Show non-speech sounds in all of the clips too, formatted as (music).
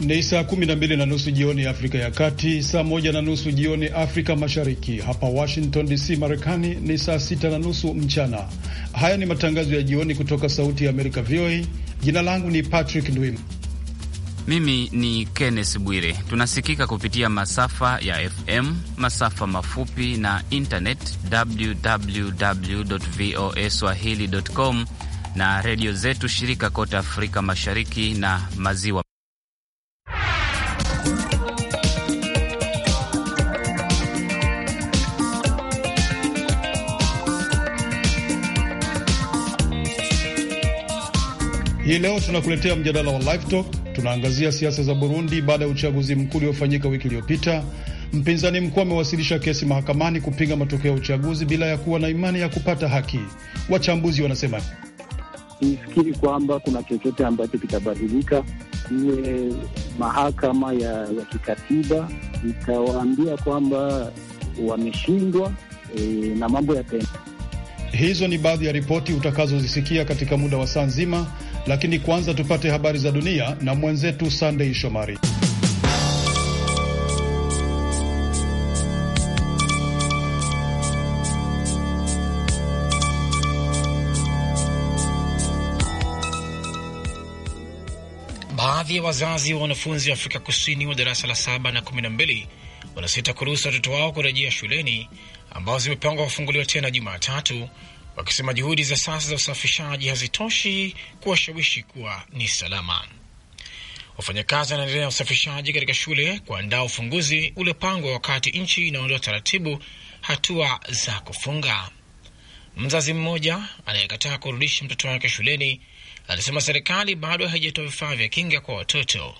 Ni saa kumi na mbili na nusu jioni Afrika ya Kati, saa moja na nusu jioni Afrika Mashariki. Hapa Washington DC, Marekani, ni saa sita na nusu mchana. Haya ni matangazo ya jioni kutoka Sauti ya Amerika, VOA. Jina langu ni Patrick Ndwim. Mimi ni Kenneth Bwire. Tunasikika kupitia masafa ya FM, masafa mafupi na internet, www voa swahili com, na redio zetu shirika kote Afrika Mashariki na Maziwa Hii leo tunakuletea mjadala wa Live Talk. Tunaangazia siasa za Burundi baada ya uchaguzi mkuu uliofanyika wiki iliyopita. Mpinzani mkuu amewasilisha kesi mahakamani kupinga matokeo ya uchaguzi bila ya kuwa na imani ya kupata haki. Wachambuzi wanasema Sifikiri kwamba kuna chochote ambacho kitabadilika. Iwe mahakama ya, ya kikatiba itawaambia kwamba wameshindwa e, na mambo ya tena. Hizo ni baadhi ya ripoti utakazozisikia katika muda wa saa nzima, lakini kwanza tupate habari za dunia na mwenzetu Sandei Shomari. Baadhi ya wazazi wa wanafunzi wa Afrika Kusini wa darasa la saba na kumi na mbili wanasita kuruhusu watoto wao kurejea shuleni ambao zimepangwa kufunguliwa tena Jumatatu wakisema juhudi za sasa za usafishaji hazitoshi kuwashawishi kuwa ni salama. Wafanyakazi wanaendelea usafishaji katika shule kuandaa ufunguzi uliopangwa wakati nchi inaondoa taratibu hatua za kufunga. Mzazi mmoja anayekataa kurudisha mtoto wake shuleni alisema serikali bado haijatoa vifaa vya kinga kwa watoto.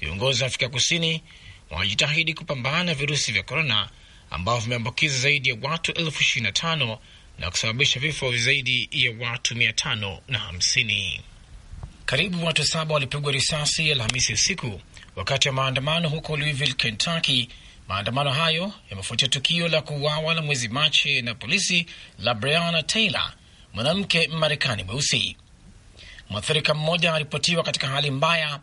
Viongozi wa Afrika Kusini wanajitahidi kupambana na virusi vya korona ambavyo vimeambukiza zaidi ya watu elfu ishirini na tano na kusababisha vifo zaidi ya watu mia tano na hamsini. Karibu watu saba walipigwa risasi Alhamisi usiku wakati wa maandamano huko Louisville, Kentucky. Maandamano hayo yamefuatia tukio la kuuawa la mwezi Machi na polisi la Breonna Taylor, mwanamke Mmarekani mweusi. Mwathirika mmoja alipotiwa katika hali mbaya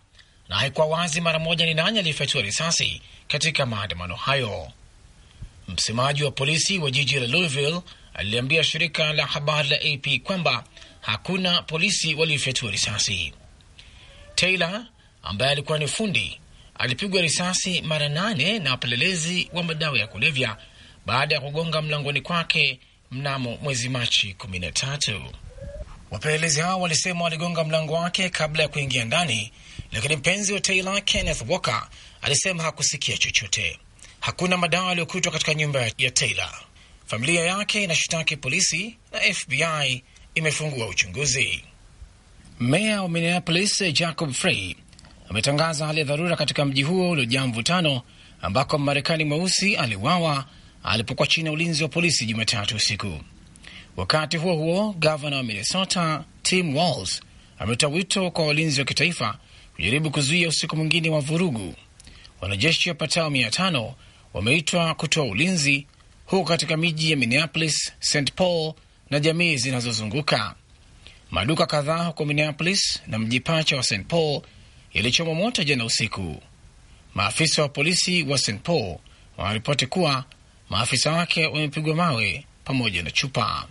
na haikuwa wazi mara moja ni nani aliyefyatua risasi katika maandamano hayo. Msemaji wa polisi wa jiji la Louisville aliliambia shirika la habari la AP kwamba hakuna polisi waliofyatua risasi. Taylor ambaye alikuwa ni fundi alipigwa risasi mara nane na wapelelezi wa madawa ya kulevya baada ya kugonga mlangoni kwake mnamo mwezi Machi 13. Wapelelezi hao walisema waligonga mlango wake kabla ya kuingia ndani, lakini mpenzi wa Taylor Kenneth Walker alisema hakusikia chochote. Hakuna madawa yaliyokutwa katika nyumba ya Taylor. Familia yake inashitaki polisi na FBI imefungua uchunguzi. Meya wa Minneapolis Jacob Frey ametangaza hali ya dharura katika mji huo uliojaa mvutano ambako Mmarekani mweusi aliwawa alipokuwa chini ya ulinzi wa polisi Jumatatu usiku. Wakati huo huo, gavana wa Minnesota Tim Walz ametoa wito kwa walinzi wa kitaifa kujaribu kuzuia usiku mwingine wa vurugu. Wanajeshi wapatao mia tano wameitwa kutoa ulinzi huko katika miji ya Minneapolis, St Paul na jamii zinazozunguka. Maduka kadhaa huko Minneapolis na mji pacha wa St Paul yalichomwa moto jana usiku. Maafisa wa polisi wa St Paul wanaripoti kuwa maafisa wake wamepigwa mawe pamoja na chupa.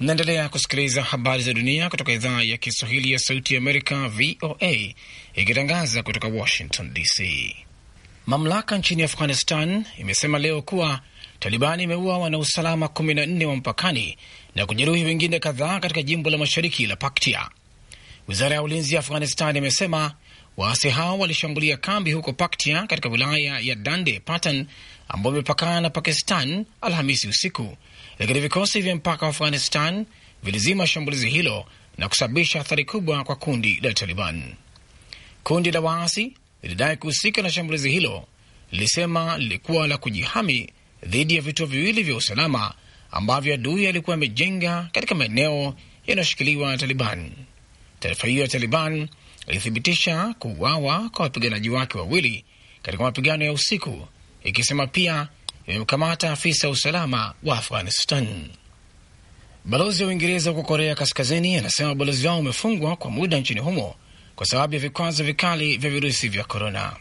Mnaendelea kusikiliza habari za dunia kutoka idhaa ya Kiswahili ya Sauti ya Amerika, VOA, ikitangaza kutoka Washington DC. Mamlaka nchini Afghanistan imesema leo kuwa Talibani imeua wanausalama 14 wa mpakani na kujeruhi wengine kadhaa katika jimbo la mashariki la Paktia. Wizara ya ulinzi ya Afghanistan imesema waasi hao walishambulia kambi huko Paktia katika wilaya ya Dande Patan ambayo imepakana na Pakistan Alhamisi usiku, lakini vikosi vya mpaka wa Afghanistan vilizima shambulizi hilo na kusababisha athari kubwa kwa kundi la Taliban. Kundi la waasi lilidai kuhusika na shambulizi hilo lilisema lilikuwa la kujihami dhidi ya vituo viwili vya usalama ambavyo adui alikuwa amejenga katika maeneo yanayoshikiliwa na Taliban. Taarifa hiyo ya Taliban ilithibitisha kuuawa kwa wapiganaji wake wawili katika mapigano ya usiku, ikisema pia imemkamata afisa wa usalama wa Afghanistan. Balozi wa Uingereza huko Korea Kaskazini anasema balozi wao umefungwa kwa muda nchini humo kwa sababu ya vikwazo vikali vya virusi vya korona.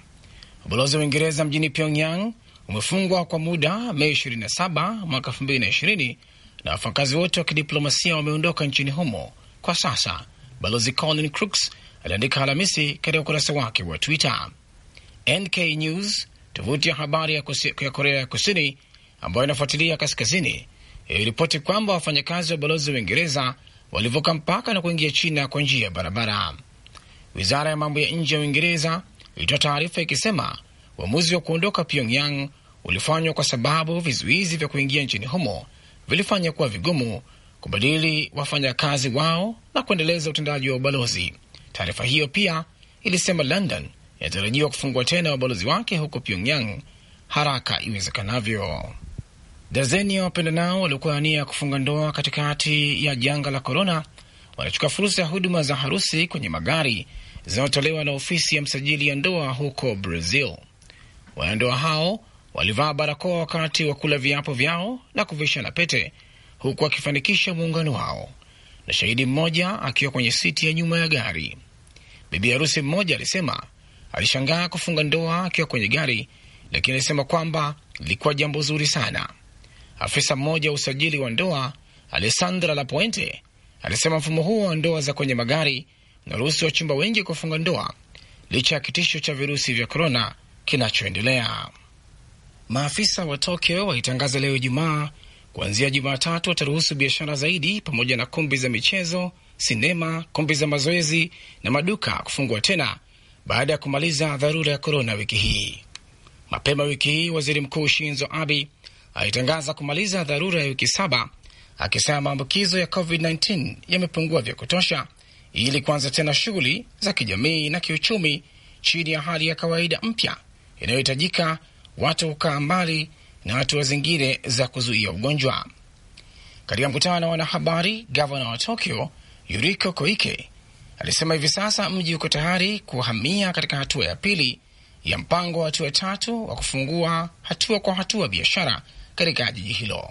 Ubalozi wa Uingereza mjini Pyongyang umefungwa kwa muda Mei 27 mwaka 2020 na wafanyakazi wote wa kidiplomasia wameondoka nchini humo kwa sasa. Balozi Colin Crooks aliandika Alhamisi katika ukurasa wake wa Twitter. NK News, tovuti ya habari ya, kusi, ya Korea ya Kusini ambayo inafuatilia kaskazini, iliripoti kwamba wafanyakazi wa balozi wa Uingereza walivuka mpaka na kuingia China kwa njia ya barabara. Wizara ya mambo ya nje ya Uingereza ilitoa taarifa ikisema uamuzi wa kuondoka Pyongyang ulifanywa kwa sababu vizuizi vya kuingia nchini humo vilifanya kuwa vigumu kubadili wafanyakazi wao na kuendeleza utendaji wa ubalozi. Taarifa hiyo pia ilisema London inatarajiwa kufungua tena ubalozi wake huko Pyongyang haraka iwezekanavyo. Dazeni ya wapendanao waliokuwa na nia ya kufunga ndoa katikati ya janga la korona wanachukua fursa ya huduma za harusi kwenye magari zinazotolewa na ofisi ya msajili ya ndoa huko Brazil. Wanandoa hao walivaa barakoa wakati wa kula viapo vyao na kuvishana pete huku akifanikisha muungano wao, na shahidi mmoja akiwa kwenye siti ya nyuma ya gari. Bibi harusi mmoja alisema alishangaa kufunga ndoa akiwa kwenye gari, lakini alisema kwamba lilikuwa jambo zuri sana. Afisa mmoja wa usajili wa ndoa Alessandra Lapuente alisema mfumo huo wa ndoa za kwenye magari unaruhusu wachumba wengi kufunga ndoa licha ya kitisho cha virusi vya korona kinachoendelea. Maafisa wa Tokyo walitangaza leo Ijumaa kuanzia Jumatatu wataruhusu biashara zaidi pamoja na kumbi za michezo, sinema, kumbi za mazoezi na maduka kufungwa tena baada ya kumaliza dharura ya korona wiki hii. Mapema wiki hii waziri mkuu Shinzo Abe alitangaza kumaliza dharura ya wiki saba akisema maambukizo ya COVID-19 yamepungua vya kutosha ili kuanza tena shughuli za kijamii na kiuchumi chini ya hali ya kawaida mpya inayohitajika watu kukaa mbali na hatua zingine za kuzuia ugonjwa. Katika mkutano na wanahabari, gavana wa Tokyo Yuriko Koike alisema hivi sasa mji uko tayari kuhamia katika hatua ya pili ya mpango wa hatua tatu wa kufungua hatua kwa hatua biashara katika jiji hilo.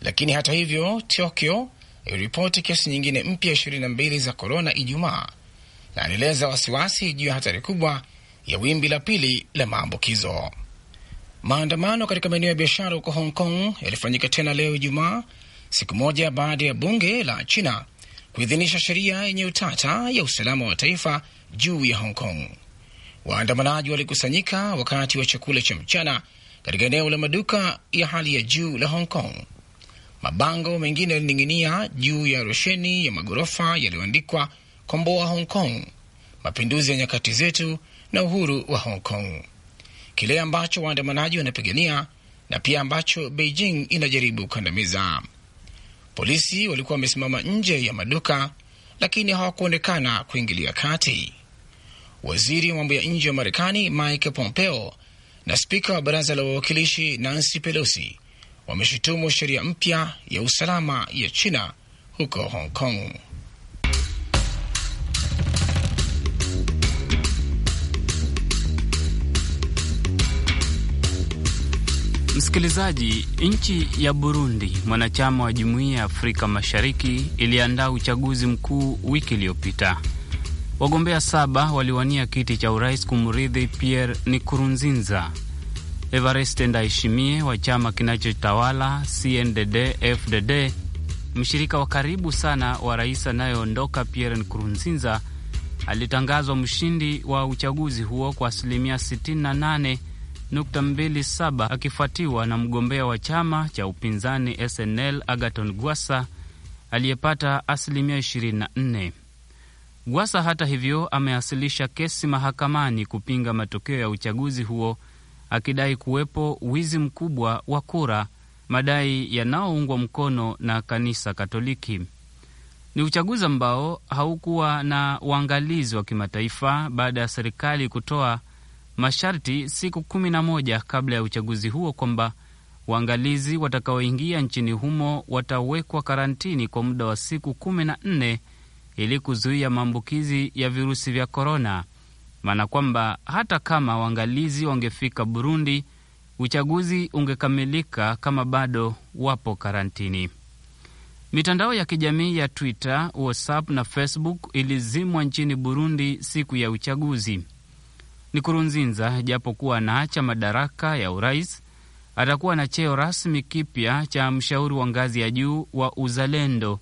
Lakini hata hivyo, Tokyo iliripoti kesi nyingine mpya mbili za korona Ijumaa na alieleza wasiwasi juu ya hatari kubwa ya wimbi la pili la maambukizo. Maandamano katika maeneo ya biashara huko Hong Kong yalifanyika tena leo Ijumaa, siku moja baada ya bunge la China kuidhinisha sheria yenye utata ya usalama wa taifa juu ya Hong Kong. Waandamanaji walikusanyika wakati wa chakula cha mchana katika eneo la maduka ya hali ya juu la Hong Kong Mabango mengine yalining'inia juu ya rosheni ya maghorofa yaliyoandikwa komboa Hong Kong, mapinduzi ya nyakati zetu na uhuru wa Hong Kong, kile ambacho waandamanaji wanapigania na pia ambacho Beijing inajaribu kukandamiza. Polisi walikuwa wamesimama nje ya maduka lakini hawakuonekana kuingilia kati. Waziri wa mambo ya nje wa Marekani Mike Pompeo na spika wa baraza la wawakilishi Nancy Pelosi wameshutumu sheria mpya ya usalama ya China huko Hong Kong. Msikilizaji, nchi ya Burundi, mwanachama wa jumuiya ya Afrika Mashariki, iliandaa uchaguzi mkuu wiki iliyopita. Wagombea saba waliwania kiti cha urais kumrithi Pierre Nkurunziza. Evariste Ndayishimiye wa chama kinachotawala CNDD FDD, mshirika wa karibu sana wa rais anayeondoka Pierre Nkurunziza, alitangazwa mshindi wa uchaguzi huo kwa asilimia 68.27 akifuatiwa na mgombea wa chama cha upinzani SNL Agaton Gwasa aliyepata asilimia 24. Gwasa hata hivyo, amewasilisha kesi mahakamani kupinga matokeo ya uchaguzi huo akidai kuwepo wizi mkubwa wa kura, madai yanayoungwa mkono na kanisa Katoliki. Ni uchaguzi ambao haukuwa na uangalizi wa kimataifa baada ya serikali kutoa masharti siku kumi na moja kabla ya uchaguzi huo kwamba waangalizi watakaoingia nchini humo watawekwa karantini kwa muda wa siku kumi na nne ili kuzuia maambukizi ya virusi vya korona maana kwamba hata kama waangalizi wangefika Burundi, uchaguzi ungekamilika kama bado wapo karantini. Mitandao ya kijamii ya Twitter, WhatsApp na Facebook ilizimwa nchini Burundi siku ya uchaguzi. Nkurunziza japokuwa anaacha madaraka ya urais, atakuwa na cheo rasmi kipya cha mshauri wa ngazi ya juu wa uzalendo,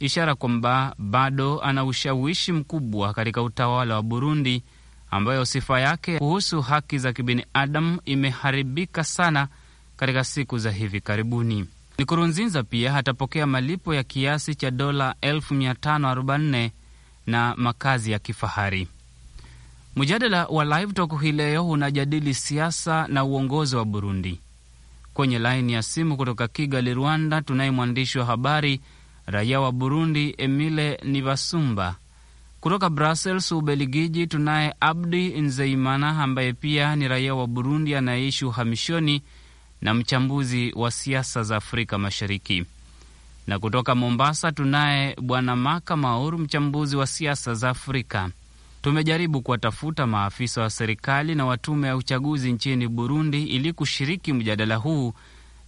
ishara kwamba bado ana ushawishi mkubwa katika utawala wa Burundi ambayo sifa yake kuhusu haki za kibinadamu imeharibika sana katika siku za hivi karibuni. Nkurunziza pia atapokea malipo ya kiasi cha dola 1544 na makazi ya kifahari. Mjadala wa Live Talk hii leo unajadili siasa na uongozi wa Burundi. Kwenye laini ya simu kutoka Kigali, Rwanda, tunaye mwandishi wa habari raia wa Burundi Emile Nivasumba kutoka Brussels, Ubeligiji, tunaye Abdi Nzeimana ambaye pia ni raia wa Burundi anayeishi uhamishoni na mchambuzi wa siasa za Afrika Mashariki. Na kutoka Mombasa tunaye Bwana Maka Maur, mchambuzi wa siasa za Afrika. Tumejaribu kuwatafuta maafisa wa serikali na watume ya uchaguzi nchini Burundi ili kushiriki mjadala huu,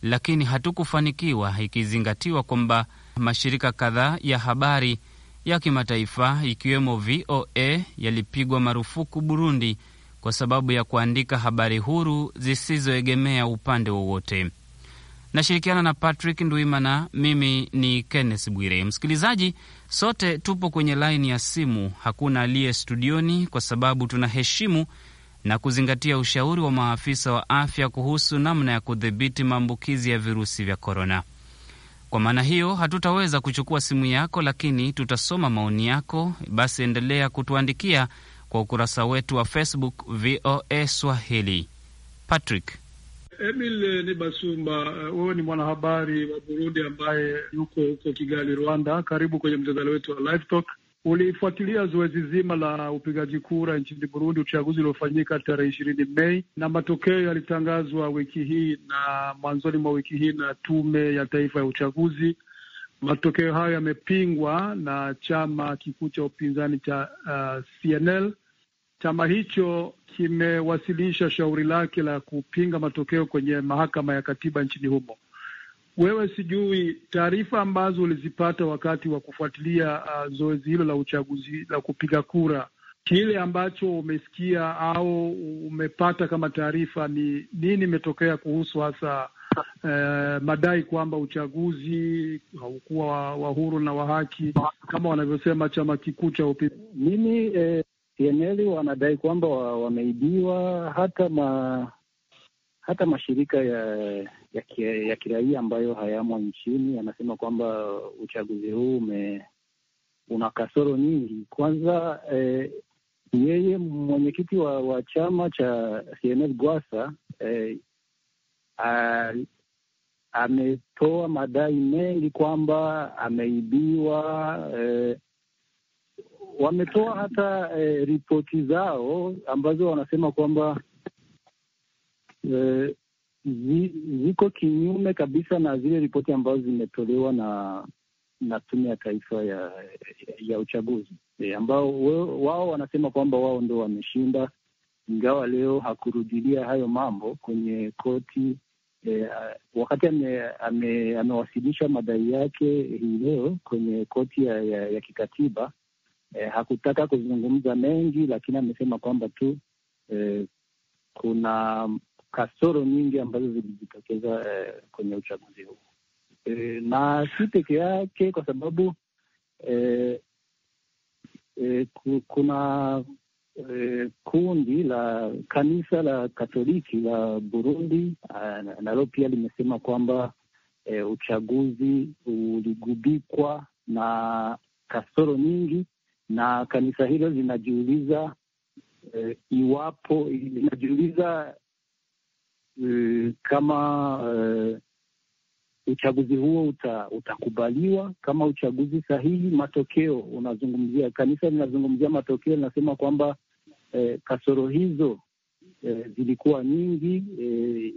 lakini hatukufanikiwa, ikizingatiwa kwamba mashirika kadhaa ya habari ya kimataifa ikiwemo VOA yalipigwa marufuku Burundi kwa sababu ya kuandika habari huru zisizoegemea upande wowote. Nashirikiana na Patrick Ndwimana. Mimi ni Kenneth Bwire. Msikilizaji, sote tupo kwenye laini ya simu, hakuna aliye studioni kwa sababu tunaheshimu na kuzingatia ushauri wa maafisa wa afya kuhusu namna ya kudhibiti maambukizi ya virusi vya korona. Kwa maana hiyo hatutaweza kuchukua simu yako, lakini tutasoma maoni yako. Basi endelea kutuandikia kwa ukurasa wetu wa Facebook VOA Swahili. Patrick Emil ni Basumba, eh, wewe ni mwanahabari wa Burundi ambaye yuko huko Kigali, Rwanda. Karibu kwenye mjadala wetu wa Live Talk ulifuatilia zoezi zima la upigaji kura nchini Burundi, uchaguzi uliofanyika tarehe ishirini Mei, na matokeo yalitangazwa wiki hii na mwanzoni mwa wiki hii na Tume ya Taifa ya Uchaguzi. Matokeo hayo yamepingwa na chama kikuu cha upinzani cha uh, CNL. Chama hicho kimewasilisha shauri lake la kupinga matokeo kwenye mahakama ya katiba nchini humo wewe, sijui taarifa ambazo ulizipata wakati wa kufuatilia uh, zoezi hilo la uchaguzi la kupiga kura, kile ambacho umesikia au umepata kama taarifa ni nini imetokea kuhusu hasa uh, madai kwamba uchaguzi haukuwa wa huru na wa haki kama wanavyosema chama kikuu cha upinzani? Mimi eh, wanadai kwamba wameibiwa hata ma hata mashirika ya ya, kiraia ambayo hayamo nchini. Anasema kwamba uchaguzi huu ume, una kasoro nyingi. Kwanza eh, yeye mwenyekiti wa, wa chama cha CNF Gwasa eh, ametoa madai mengi kwamba ameibiwa eh, wametoa hata eh, ripoti zao ambazo wanasema kwamba eh, zi, ziko kinyume kabisa na zile ripoti ambazo zimetolewa na na Tume ya Taifa ya, ya Uchaguzi e, ambao wao wanasema kwamba wao ndo wameshinda, ingawa leo hakurudilia hayo mambo kwenye koti e, wakati amewasilisha ame, ame madai yake hii leo kwenye koti ya, ya, ya kikatiba e, hakutaka kuzungumza mengi, lakini amesema kwamba tu e, kuna kasoro nyingi ambazo zilijitokeza eh, kwenye uchaguzi huu eh, na si peke yake, kwa sababu eh, eh, kuna eh, kundi la kanisa la Katoliki la Burundi eh, nalo pia limesema kwamba eh, uchaguzi uligubikwa na kasoro nyingi, na kanisa hilo linajiuliza eh, iwapo linajiuliza Mm, kama uh, uchaguzi huo uta, utakubaliwa kama uchaguzi sahihi. Matokeo unazungumzia, kanisa linazungumzia matokeo, linasema kwamba eh, kasoro hizo eh, zilikuwa nyingi eh,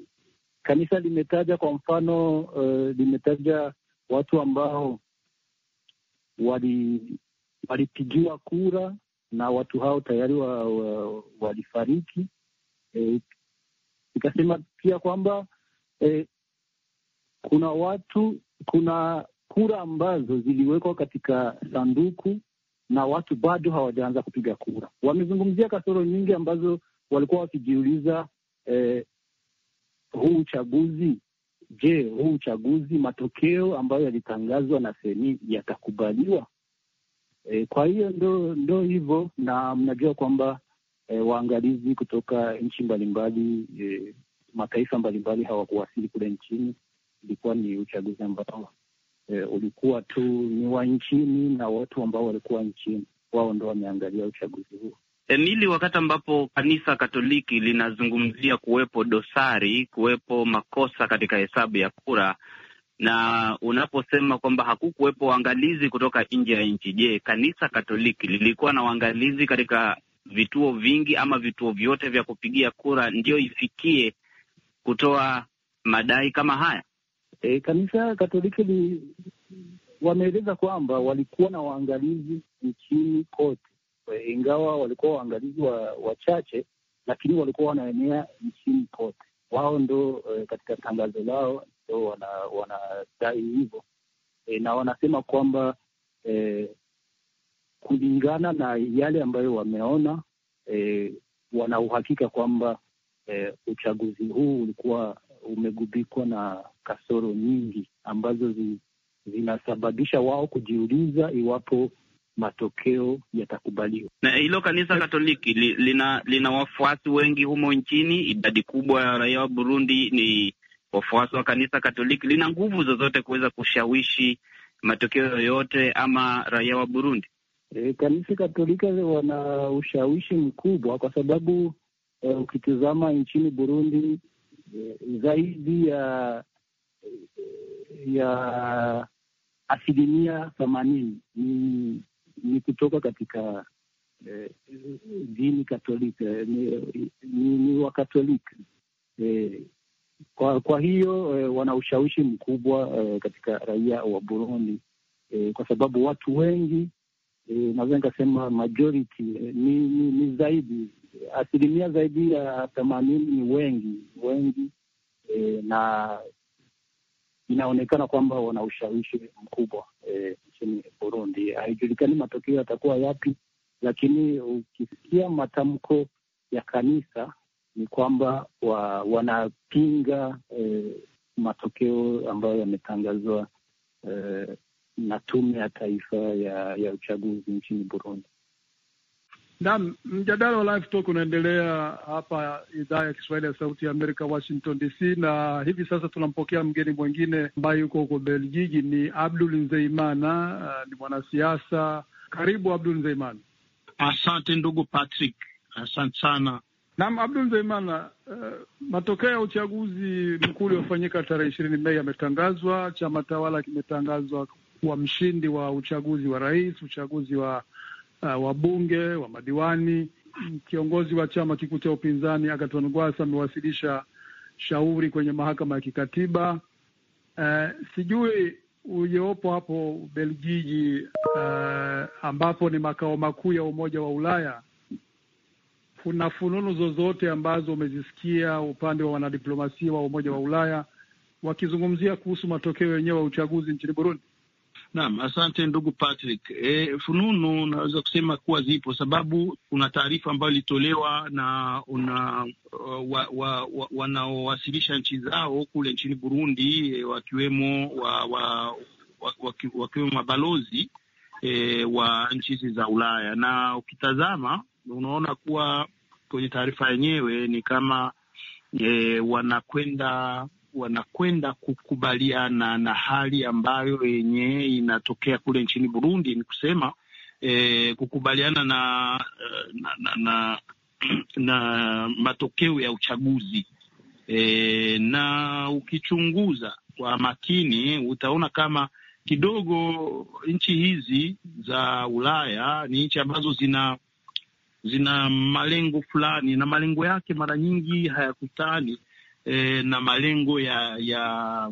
kanisa limetaja kwa mfano eh, limetaja watu ambao wali walipigiwa kura na watu hao tayari wa, wa, walifariki eh, ikasema pia kwamba eh, kuna watu, kuna kura ambazo ziliwekwa katika sanduku na watu bado hawajaanza kupiga kura. Wamezungumzia kasoro nyingi ambazo walikuwa wakijiuliza eh, huu uchaguzi Je, huu uchaguzi matokeo ambayo yalitangazwa na seni yatakubaliwa? E, kwa hiyo ndo, ndo hivyo, na mnajua kwamba e, waangalizi kutoka nchi mbalimbali e, mataifa mbalimbali hawakuwasili kule nchini. Ilikuwa ni uchaguzi ambao e, ulikuwa tu ni wa nchini na watu ambao walikuwa nchini wao ndo wameangalia uchaguzi huo. Emili, wakati ambapo kanisa Katoliki linazungumzia kuwepo dosari, kuwepo makosa katika hesabu ya kura, na unaposema kwamba hakukuwepo waangalizi kutoka nje ya nchi, je, kanisa Katoliki lilikuwa na waangalizi katika vituo vingi ama vituo vyote vya kupigia kura ndio ifikie kutoa madai kama haya? E, kanisa Katoliki li wameeleza kwamba walikuwa na waangalizi nchini kote, e, ingawa walikuwa waangalizi wachache lakini walikuwa wanaenea nchini kote. Wao ndo e, katika tangazo lao ndo wanadai wana hivyo e, na wanasema kwamba e, kulingana na yale ambayo wameona e, wana uhakika kwamba e, uchaguzi huu ulikuwa umegubikwa na kasoro nyingi ambazo zi, zinasababisha wao kujiuliza iwapo matokeo yatakubaliwa. Na hilo kanisa Katoliki li, lina, lina wafuasi wengi humo nchini. Idadi kubwa ya raia wa Burundi ni wafuasi wa kanisa Katoliki. Lina nguvu zozote kuweza kushawishi matokeo yoyote ama raia wa Burundi? E, kanisa Katolika wana ushawishi mkubwa kwa sababu e, ukitizama nchini Burundi e, zaidi ya e, ya asilimia themanini ni, ni kutoka katika e, dini Katolika e, ni, ni, ni Wakatoliki e, kwa, kwa hiyo e, wana ushawishi mkubwa e, katika raia wa Burundi e, kwa sababu watu wengi e, naweza nikasema majority eh, ni, ni, ni zaidi asilimia zaidi ya themanini ni wengi wengi e, na inaonekana kwamba wana ushawishi mkubwa nchini e, Burundi. Haijulikani matokeo yatakuwa yapi, lakini ukisikia matamko ya kanisa ni kwamba wa, wanapinga e, matokeo ambayo yametangazwa e, na tume ya taifa ya, ya uchaguzi nchini Burundi. Naam, mjadala wa Live Talk unaendelea hapa idhaa ya Kiswahili ya Sauti ya Amerika, Washington DC, na hivi sasa tunampokea mgeni mwingine ambaye yuko huko Belgiji. Ni Abdul Nzeimana. Uh, ni mwanasiasa. Karibu Abdul Nzeimana. Asante ndugu Patrick, asante sana. Naam, Abdul Nzeimana, uh, matokeo ya uchaguzi mkuu uliofanyika tarehe ishirini Mei yametangazwa. Chama tawala kimetangazwa kuwa mshindi wa uchaguzi wa rais, uchaguzi wa uh, wabunge wa madiwani. Kiongozi wa chama kikuu cha upinzani Agaton Rwasa amewasilisha shauri kwenye mahakama ya kikatiba. Uh, sijui uliopo hapo Ubelgiji, uh, ambapo ni makao makuu ya Umoja wa Ulaya, kuna fununu zozote ambazo umezisikia upande wa wanadiplomasia wa Umoja wa Ulaya wakizungumzia kuhusu matokeo yenyewe ya uchaguzi nchini Burundi? Naam, asante ndugu Patrick. E, fununu naweza kusema kuwa zipo, sababu kuna taarifa ambayo ilitolewa na una wanaowasilisha uh, wa, wa, wa nchi zao kule nchini Burundi, e, wakiwemo wa, wa, wa, wakiwemo mabalozi e, wa nchi hizi za Ulaya, na ukitazama unaona kuwa kwenye taarifa yenyewe ni kama e, wanakwenda wanakwenda kukubaliana na hali ambayo yenye inatokea kule nchini Burundi, ni kusema e, kukubaliana na na, na, na, na matokeo ya uchaguzi e, na ukichunguza kwa makini utaona kama kidogo nchi hizi za Ulaya ni nchi ambazo zina zina malengo fulani na malengo yake mara nyingi hayakutani e, na malengo ya ya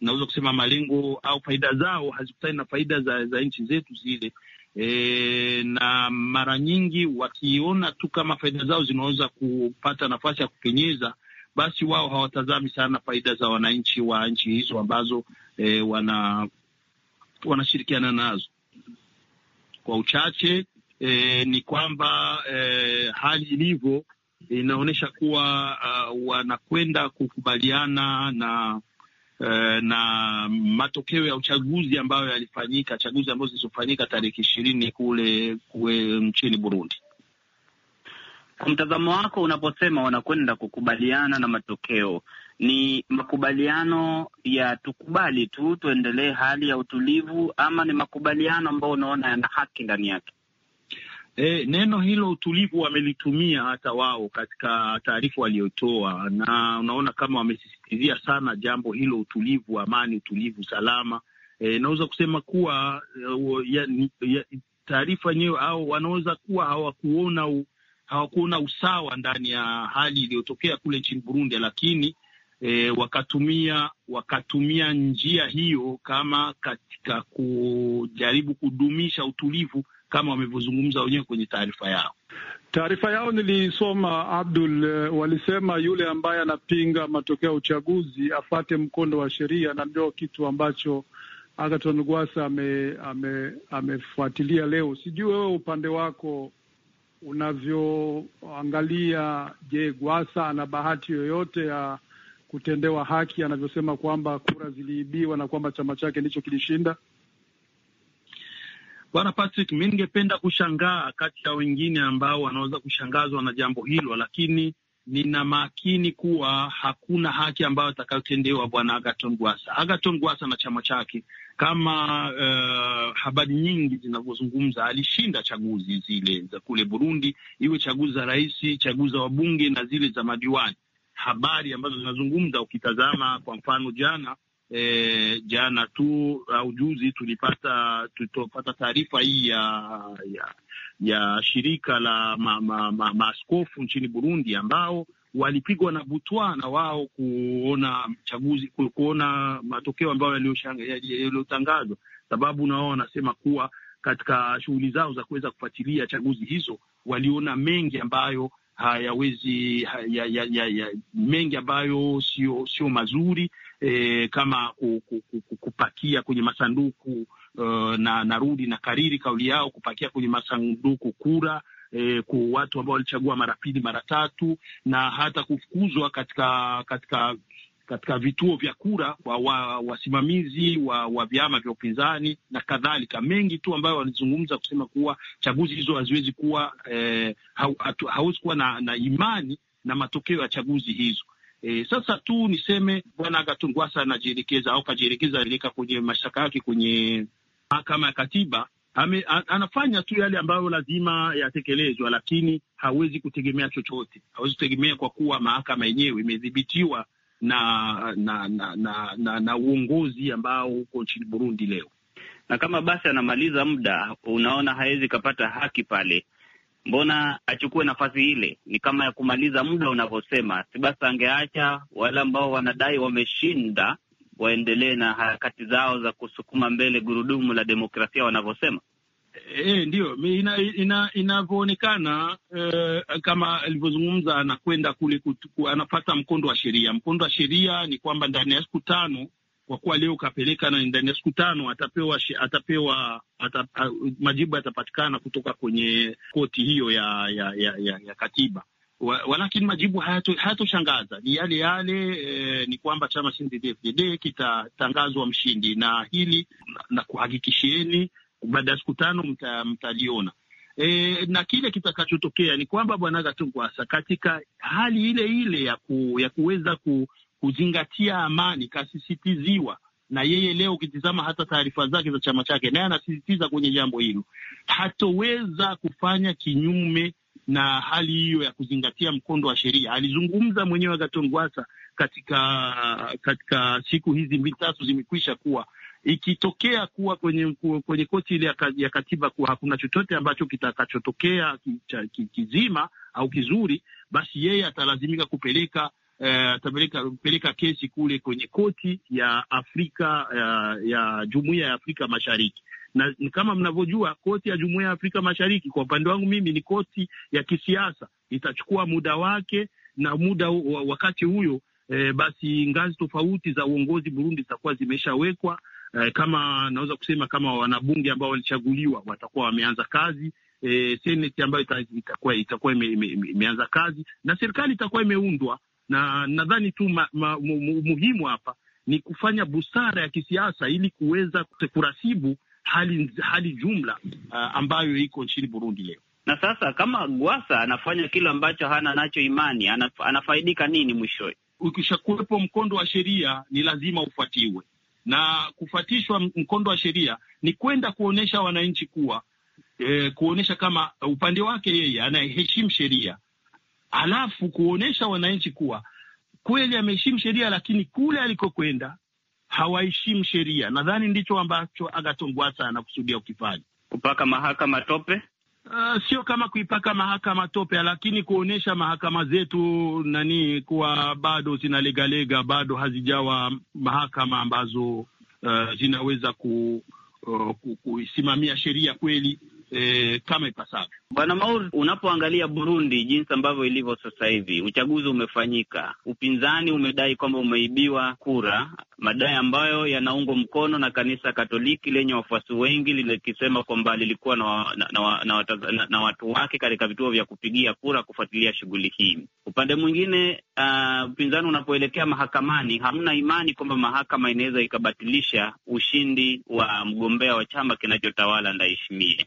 naweza kusema malengo au faida zao hazikutani na faida za, za nchi zetu zile. E, na mara nyingi wakiona tu kama faida zao zinaweza kupata nafasi ya kupenyeza, basi wao hawatazami sana faida za wananchi wa nchi hizo ambazo e, wana wanashirikiana nazo. Kwa uchache e, ni kwamba e, hali ilivyo inaonyesha kuwa uh, wanakwenda kukubaliana na uh, na matokeo ya uchaguzi ambayo yalifanyika, chaguzi ambazo zilizofanyika tarehe ishirini kule kule nchini Burundi. Kwa mtazamo wako, unaposema wanakwenda kukubaliana na matokeo, ni makubaliano ya tukubali tu tuendelee hali ya utulivu, ama ni makubaliano ambayo unaona yana haki ndani yake? E, neno hilo utulivu wamelitumia hata wao katika taarifa waliotoa, na unaona kama wamesisitizia sana jambo hilo, utulivu, amani, utulivu, salama. E, naweza kusema kuwa e, taarifa yenyewe au wanaweza kuwa hawakuona hawakuona usawa ndani ya hali iliyotokea kule nchini Burundi, lakini e, wakatumia wakatumia njia hiyo kama katika kujaribu kudumisha utulivu kama wamevyozungumza wenyewe kwenye taarifa yao. Taarifa yao nilisoma, Abdul. Eh, walisema yule ambaye anapinga matokeo ya uchaguzi afate mkondo wa sheria, na ndio kitu ambacho Agaton gwasa amefuatilia ame, ame leo. Sijui wewe upande wako unavyoangalia, je, Gwasa ana bahati yoyote ya kutendewa haki anavyosema kwamba kura ziliibiwa na kwamba chama chake ndicho kilishinda? Bwana Patrick, mi ningependa kushangaa kati ya wengine ambao wanaweza kushangazwa na jambo hilo, lakini nina makini kuwa hakuna haki ambayo atakayotendewa bwana Agaton Gwasa. Agaton Gwasa na chama chake, kama uh, habari nyingi zinavyozungumza, alishinda chaguzi zile za kule Burundi, iwe chaguzi za rais, chaguzi za wabunge na zile za madiwani. Habari ambazo zinazungumza, ukitazama kwa mfano jana E, jana tu au juzi tulipata tulipata taarifa hii ya, ya ya shirika la ma, ma, ma, nchini Burundi ambao walipigwa na butwa na wao kuona chaguzi kuona matokeo ambayo yaliyotangazwa, sababu na wao wanasema kuwa katika shughuli zao za kuweza kufuatilia chaguzi hizo waliona mengi ambayo hayawezi haya, ya, ya, ya, mengi ambayo sio sio mazuri e, kama kupakia kwenye masanduku uh, na narudi na kariri kauli yao kupakia kwenye masanduku kura E, ku watu ambao walichagua mara pili mara tatu na hata kufukuzwa katika katika katika vituo vya kura wa wasimamizi wa, wa vyama vya upinzani na kadhalika, mengi tu ambayo walizungumza kusema kuwa chaguzi hizo haziwezi kuwa e, hauwezi kuwa na, na imani na matokeo ya chaguzi hizo. E, sasa tu niseme bwana Gatungwasa anajielekeza au kajielekeza leka kwenye mashtaka yake kwenye mahakama ya katiba. a, anafanya tu yale ambayo lazima yatekelezwa, lakini hawezi kutegemea chochote, hawezi kutegemea kwa kuwa mahakama yenyewe imedhibitiwa na na na na, na, na uongozi ambao uko nchini Burundi leo. Na kama basi anamaliza muda, unaona hawezi kapata haki pale, mbona achukue nafasi ile? Ni kama ya kumaliza muda unavyosema. Si basi angeacha wale ambao wanadai wameshinda waendelee na harakati zao za kusukuma mbele gurudumu la demokrasia wanavyosema. E, ndio inavyoonekana ina, ina e, kama alivyozungumza anakwenda kule kutu, anapata mkondo wa sheria. Mkondo wa sheria ni kwamba ndani ya siku tano kwa kuwa leo kapeleka na ndani ya siku tano atapewa atapewa atap, majibu yatapatikana kutoka kwenye koti hiyo ya ya, ya, ya, ya katiba walakini majibu hayatoshangaza hayato, ni yale yale e, ni kwamba chama CNDD-FDD kitatangazwa mshindi, na hili na kuhakikishieni, baada ya siku tano mtaliona mta eh, e, na kile kitakachotokea ni kwamba bwana Gatungwasa katika hali ile ile ya, ku, ya kuweza ku, kuzingatia amani kasisitiziwa na yeye leo. Ukitizama hata taarifa zake za chama chake, naye anasisitiza kwenye jambo hilo, hatoweza kufanya kinyume na hali hiyo ya kuzingatia mkondo wa sheria. Alizungumza mwenyewe Gatongwasa katika katika siku hizi mbili tatu zimekwisha kuwa ikitokea kuwa kwenye kwenye koti ile ya katiba kuwa hakuna chochote ambacho kitakachotokea kizima au kizuri, basi yeye atalazimika kupeleka atapeleka eh, kesi kule kwenye koti ya Afrika ya, ya Jumuiya ya Afrika Mashariki na kama mnavyojua koti ya Jumuiya ya Afrika Mashariki kwa upande wangu mimi ni koti ya kisiasa, itachukua muda wake na muda wakati huyo eh, basi ngazi tofauti za uongozi Burundi zitakuwa zimeshawekwa. Eh, kama naweza kusema kama wanabunge ambao walichaguliwa watakuwa wameanza kazi eh, seneti ambayo itakuwa itakuwa imeanza ime, ime, kazi na serikali itakuwa imeundwa na nadhani tu muhimu hapa ni kufanya busara ya kisiasa ili kuweza kurasibu hali, hali jumla uh, ambayo iko nchini Burundi leo. Na sasa kama Gwasa anafanya kile ambacho hana nacho imani, anaf, anafaidika nini mwishowe? Ukishakuwepo mkondo wa sheria ni lazima ufuatiwe, na kufuatishwa mkondo wa sheria ni kwenda kuonyesha wananchi kuwa eh, kuonyesha kama upande wake yeye anaheshimu sheria alafu kuonyesha wananchi kuwa kweli ameheshimu sheria, lakini kule alikokwenda hawaheshimu sheria. Nadhani ndicho ambacho Agathon Rwasa anakusudia ukifanya kupaka mahakama tope. Uh, sio kama kuipaka mahakama tope, lakini kuonyesha mahakama zetu nani kuwa bado zinalegalega, bado hazijawa mahakama ambazo uh, zinaweza ku, uh, kusimamia sheria kweli e, kama ipasavyo. Bwana Maur, unapoangalia Burundi jinsi ambavyo ilivyo sasa hivi, uchaguzi umefanyika, upinzani umedai kwamba umeibiwa kura, madai ambayo yanaungwa mkono na kanisa Katoliki lenye wafuasi wengi likisema kwamba lilikuwa na, na, na, na, na, na, na watu wake katika vituo vya kupigia kura kufuatilia shughuli hii. Upande mwingine, uh, upinzani unapoelekea mahakamani, hamna imani kwamba mahakama inaweza ikabatilisha ushindi wa mgombea wa chama kinachotawala Ndayishimiye.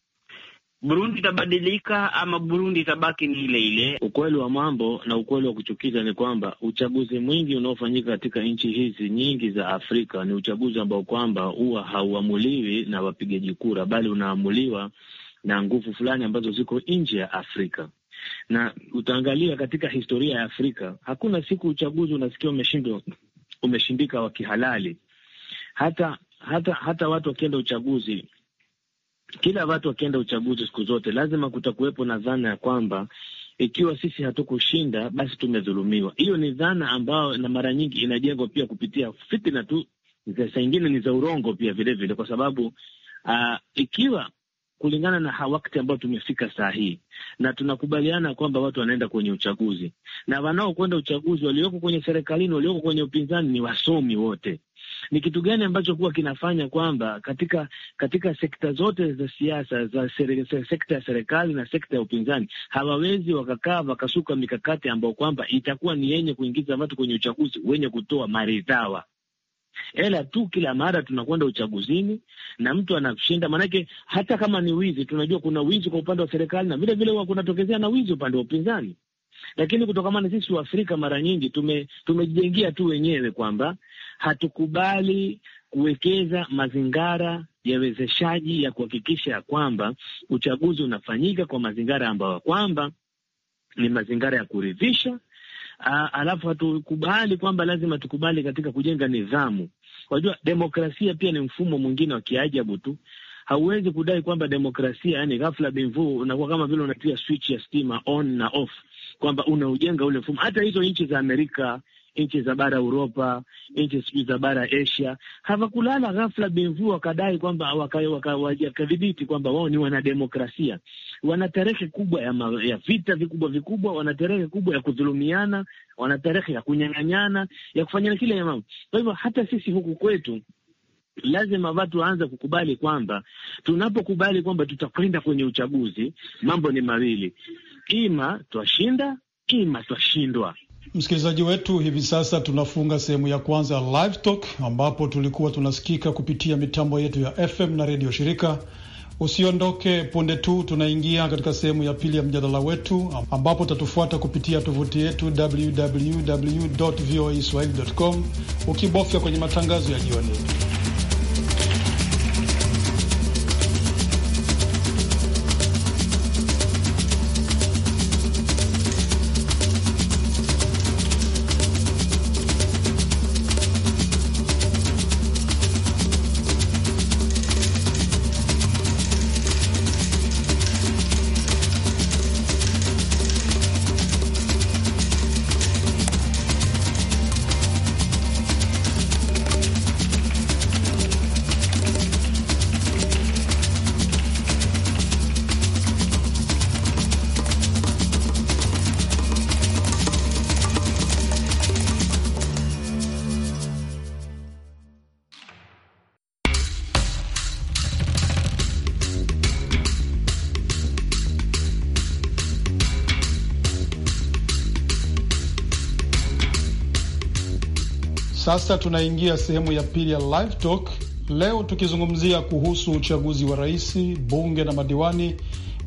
Burundi itabadilika ama Burundi itabaki ni ile ile? Ukweli wa mambo na ukweli wa kuchukiza ni kwamba uchaguzi mwingi unaofanyika katika nchi hizi nyingi za Afrika ni uchaguzi ambao kwamba huwa hauamuliwi na wapigaji kura, bali unaamuliwa na nguvu fulani ambazo ziko nje ya Afrika na utaangalia katika historia ya Afrika hakuna siku uchaguzi unasikia umeshindwa umeshindika wa kihalali. Hata hata hata watu wakienda uchaguzi kila watu wakienda uchaguzi siku zote lazima kutakuwepo na dhana ya kwamba ikiwa sisi hatukushinda basi tumedhulumiwa. Hiyo ni dhana ambayo na mara nyingi inajengwa pia kupitia fitina tu, saa ingine ni za urongo pia vilevile vile, kwa sababu uh, ikiwa kulingana na wakati ambao tumefika saa hii na tunakubaliana kwamba watu wanaenda kwenye uchaguzi na wanaokwenda uchaguzi walioko kwenye serikalini, walioko kwenye upinzani ni wasomi wote, ni kitu gani ambacho kuwa kinafanya kwamba katika katika sekta zote za siasa za sekta ya serikali na sekta ya upinzani hawawezi wakakaa wakasuka mikakati ambayo kwamba itakuwa ni yenye kuingiza watu kwenye uchaguzi wenye kutoa maridhawa ela tu kila mara tunakwenda uchaguzini na mtu anashinda. Maanake hata kama ni wizi, tunajua kuna wizi kwa upande wa serikali na vile vile huwa kunatokezea na wizi upande wa upinzani, lakini kutokamana sisi Waafrika mara nyingi tume, tu wenyewe kwamba hatukubali kuwekeza mazingara ya wezeshaji ya kuhakikisha ya kwamba uchaguzi unafanyika kwa mazingara ambayo kwamba ni mazingara ya kuridhisha. Alafu hatukubali kwamba lazima tukubali katika kujenga nidhamu. Wajua, demokrasia pia ni mfumo mwingine wa kiajabu tu. Hauwezi kudai kwamba demokrasia, yani ghafla bimvu, unakuwa kama vile unatia switch ya stima on na off, kwamba unaujenga ule mfumo. Hata hizo nchi za Amerika nchi za bara Uropa, nchi sijui za bara Asia, hawakulala ghafla benvu wakadai kwamba wakadhibiti kwamba wao ni wanademokrasia. Wana tarehe kubwa ya, ma, ya vita vikubwa vikubwa, wana tarehe kubwa ya kudhulumiana, wana tarehe ya kunyang'anyana, ya kufanyana kile ya mambo. Kwa hivyo hata sisi huku kwetu lazima watu waanze kukubali kwamba tunapokubali kwamba tutakwenda kwenye uchaguzi, mambo ni mawili, ima twashinda, ima twashindwa. Msikilizaji wetu, hivi sasa tunafunga sehemu ya kwanza ya Live Talk ambapo tulikuwa tunasikika kupitia mitambo yetu ya FM na redio shirika. Usiondoke, punde tu tunaingia katika sehemu ya pili ya mjadala wetu, ambapo utatufuata kupitia tovuti yetu www voa swahili com, ukibofya kwenye matangazo ya jioni. Sasa tunaingia sehemu ya pili ya Live Talk leo tukizungumzia kuhusu uchaguzi wa rais, bunge na madiwani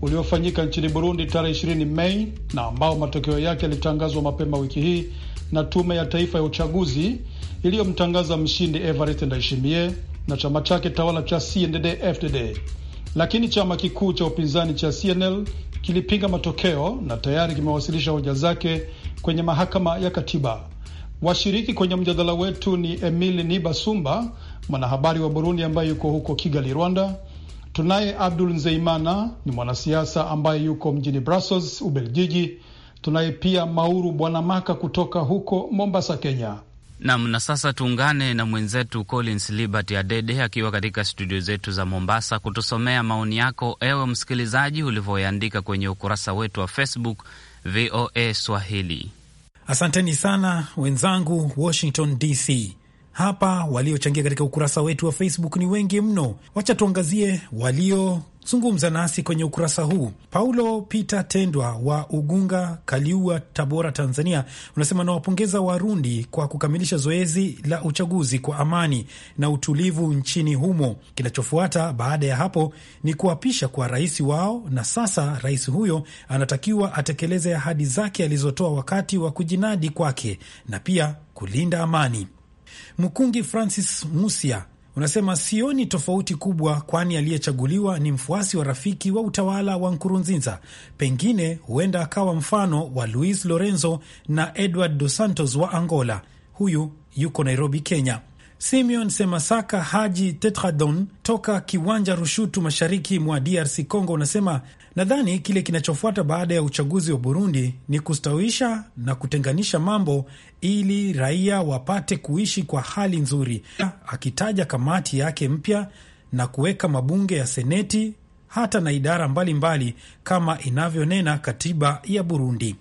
uliofanyika nchini Burundi tarehe 20 Mei na ambao matokeo yake yalitangazwa mapema wiki hii na tume ya taifa ya uchaguzi iliyomtangaza mshindi evarest Ndayishimiye na chama chake tawala cha CNDD-FDD, lakini chama kikuu cha upinzani cha CNL kilipinga matokeo na tayari kimewasilisha hoja zake kwenye mahakama ya katiba. Washiriki kwenye mjadala wetu ni Emil Nibasumba, mwanahabari wa Burundi ambaye yuko huko Kigali, Rwanda. Tunaye Abdul Nzeimana, ni mwanasiasa ambaye yuko mjini Brussels, Ubelgiji. Tunaye pia Mauru Bwanamaka kutoka huko Mombasa, Kenya. Nam, na sasa tuungane na mwenzetu Collins Liberty Adede akiwa katika studio zetu za Mombasa kutusomea maoni yako, ewe msikilizaji, ulivyoyaandika kwenye ukurasa wetu wa Facebook VOA Swahili. Asanteni sana wenzangu Washington DC. Hapa waliochangia katika ukurasa wetu wa Facebook ni wengi mno. Wacha tuangazie walio Zungumza nasi kwenye ukurasa huu. Paulo Peter Tendwa wa Ugunga, Kaliua, Tabora, Tanzania, unasema nawapongeza Warundi kwa kukamilisha zoezi la uchaguzi kwa amani na utulivu nchini humo. Kinachofuata baada ya hapo ni kuapisha kwa rais wao, na sasa rais huyo anatakiwa atekeleze ahadi zake alizotoa wakati wa kujinadi kwake na pia kulinda amani. Mkungi Francis Musia Unasema sioni tofauti kubwa, kwani aliyechaguliwa ni mfuasi wa rafiki wa utawala wa Nkurunziza. Pengine huenda akawa mfano wa Luis Lorenzo na Edward Dos Santos wa Angola. Huyu yuko Nairobi, Kenya. Simeon Semasaka Haji Tetradon toka Kiwanja Rushutu, mashariki mwa DRC Congo, unasema nadhani kile kinachofuata baada ya uchaguzi wa Burundi ni kustawisha na kutenganisha mambo ili raia wapate kuishi kwa hali nzuri, akitaja kamati yake mpya na kuweka mabunge ya seneti hata na idara mbalimbali mbali, kama inavyonena katiba ya Burundi.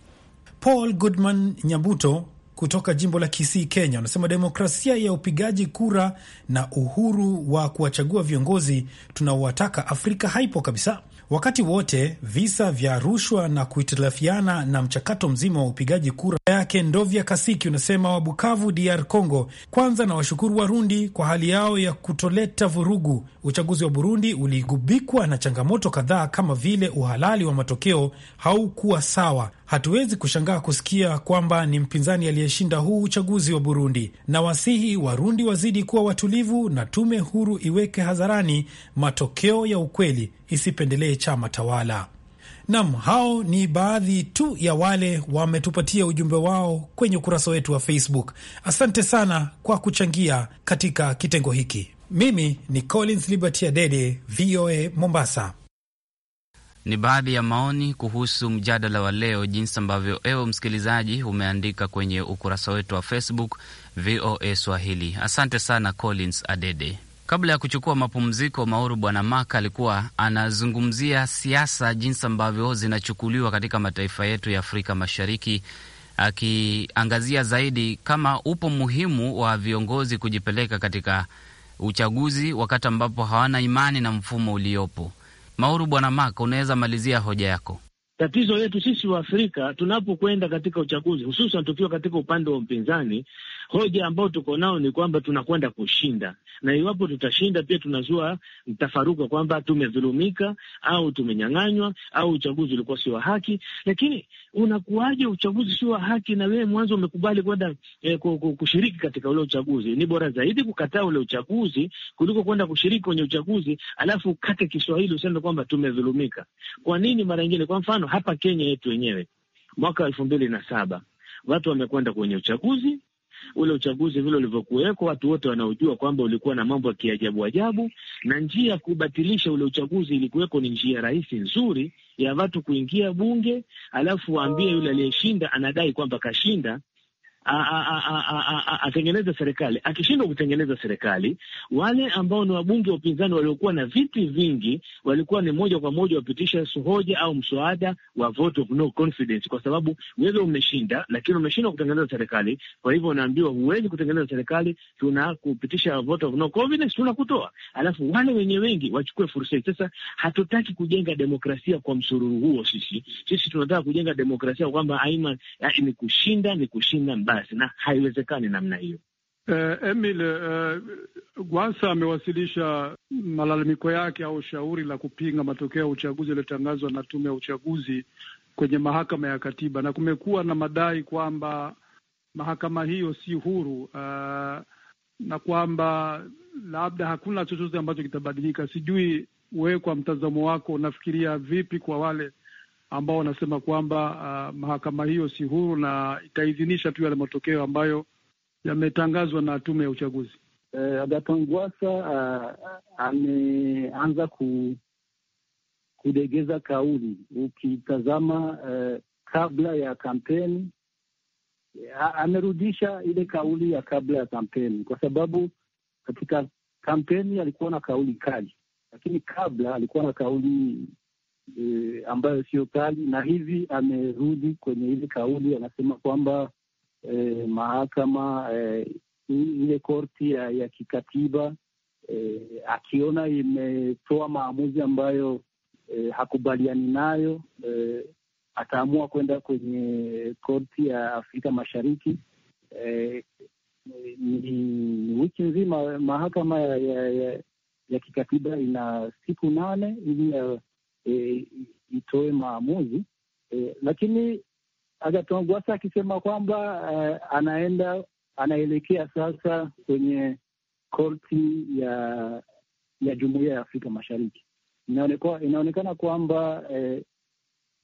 Paul Goodman Nyabuto kutoka jimbo la Kisii, Kenya, wanasema demokrasia ya upigaji kura na uhuru wa kuwachagua viongozi tunaowataka Afrika haipo kabisa. Wakati wote visa vya rushwa na kuhitilafiana na mchakato mzima wa upigaji kura yake. Ndovya Kasiki unasema wa Bukavu, DR Congo, kwanza na washukuru Warundi kwa hali yao ya kutoleta vurugu. Uchaguzi wa Burundi uligubikwa na changamoto kadhaa kama vile uhalali wa matokeo haukuwa sawa Hatuwezi kushangaa kusikia kwamba ni mpinzani aliyeshinda huu uchaguzi wa Burundi, na wasihi Warundi wazidi kuwa watulivu na tume huru iweke hadharani matokeo ya ukweli, isipendelee chama tawala. Nam, hao ni baadhi tu ya wale wametupatia ujumbe wao kwenye ukurasa wetu wa Facebook. Asante sana kwa kuchangia katika kitengo hiki. Mimi ni Collins Liberty Adede, VOA Mombasa. Ni baadhi ya maoni kuhusu mjadala wa leo, jinsi ambavyo ewe msikilizaji umeandika kwenye ukurasa wetu wa Facebook VOA Swahili. Asante sana Collins Adede. Kabla ya kuchukua mapumziko, Mauru Bwana Maka alikuwa anazungumzia siasa, jinsi ambavyo zinachukuliwa katika mataifa yetu ya Afrika Mashariki, akiangazia zaidi kama upo muhimu wa viongozi kujipeleka katika uchaguzi wakati ambapo hawana imani na mfumo uliopo. Mauru Bwana Maka, unaweza malizia hoja yako. Tatizo letu sisi Waafrika tunapokwenda katika uchaguzi, hususan tukiwa katika upande wa upinzani, hoja ambayo tuko nao ni kwamba tunakwenda kushinda, na iwapo tutashinda, pia tunazua mtafaruka kwamba tumedhulumika au tumenyang'anywa au uchaguzi ulikuwa si wa haki. Lakini unakuwaje uchaguzi si wa haki na wewe mwanzo umekubali kwenda eh, kushiriki katika ule uchaguzi? Ni bora zaidi kukataa ule uchaguzi kuliko kwenda kushiriki kwenye uchaguzi alafu ukate Kiswahili useme kwamba tumedhulumika. Kwa nini? Mara nyingine, kwa mfano hapa Kenya yetu wenyewe, mwaka wa elfu mbili na saba watu wamekwenda kwenye uchaguzi ule uchaguzi vile ulivyokuwekwa, watu wote wanaojua kwamba ulikuwa na mambo ya kiajabu ajabu, na njia ya kubatilisha ule uchaguzi ilikuweko ni njia rahisi nzuri ya watu kuingia bunge, alafu waambie yule aliyeshinda anadai kwamba kashinda, atengeneze serikali. Akishindwa kutengeneza serikali, wale ambao ni wabunge wa upinzani waliokuwa na viti vingi walikuwa ni moja kwa moja wapitisha hoja au mswada wa vote of no confidence, kwa sababu wewe umeshinda, lakini umeshindwa kutengeneza serikali. Kwa hivyo unaambiwa huwezi kutengeneza serikali, tuna kupitisha vote of no confidence, tunakutoa. Alafu wale wenye wengi wachukue fursa hii. Sasa hatutaki kujenga demokrasia kwa msururu huo. Sisi sisi tunataka kujenga demokrasia kwamba aima, eh, ni kushinda ni kushinda mba basi, na haiwezekani namna hiyo. Eh, Emil eh, Gwasa amewasilisha malalamiko yake au shauri la kupinga matokeo ya uchaguzi yaliyotangazwa na tume ya uchaguzi kwenye mahakama ya katiba, na kumekuwa na madai kwamba mahakama hiyo si huru uh, na kwamba labda hakuna chochote ambacho kitabadilika. Sijui wewe kwa mtazamo wako unafikiria vipi kwa wale ambao wanasema kwamba uh, mahakama hiyo si huru na itaidhinisha tu yale matokeo ambayo yametangazwa na tume ya uchaguzi. Uh, eh, Agathon uh, ah, ameanza ku, kudegeza kauli. Ukitazama uh, kabla ya kampeni ah, amerudisha ile kauli ya kabla ya kampeni, kwa sababu katika kampeni alikuwa na kauli kali, lakini kabla alikuwa na kauli e, ambayo sio kali, na hivi amerudi kwenye ile kauli, anasema kwamba e, mahakama e, ile korti ya, ya kikatiba e, akiona imetoa maamuzi ambayo e, hakubaliani nayo e, ataamua kwenda kwenye korti ya Afrika Mashariki. E, ni wiki nzima mahakama ya, ya, ya, ya kikatiba ina siku nane ili e, itoe maamuzi e, lakini agaton gwasa akisema kwamba uh, anaenda anaelekea sasa kwenye korti ya ya Jumuiya ya Afrika Mashariki. Inaonekana, inaonekana kwamba eh,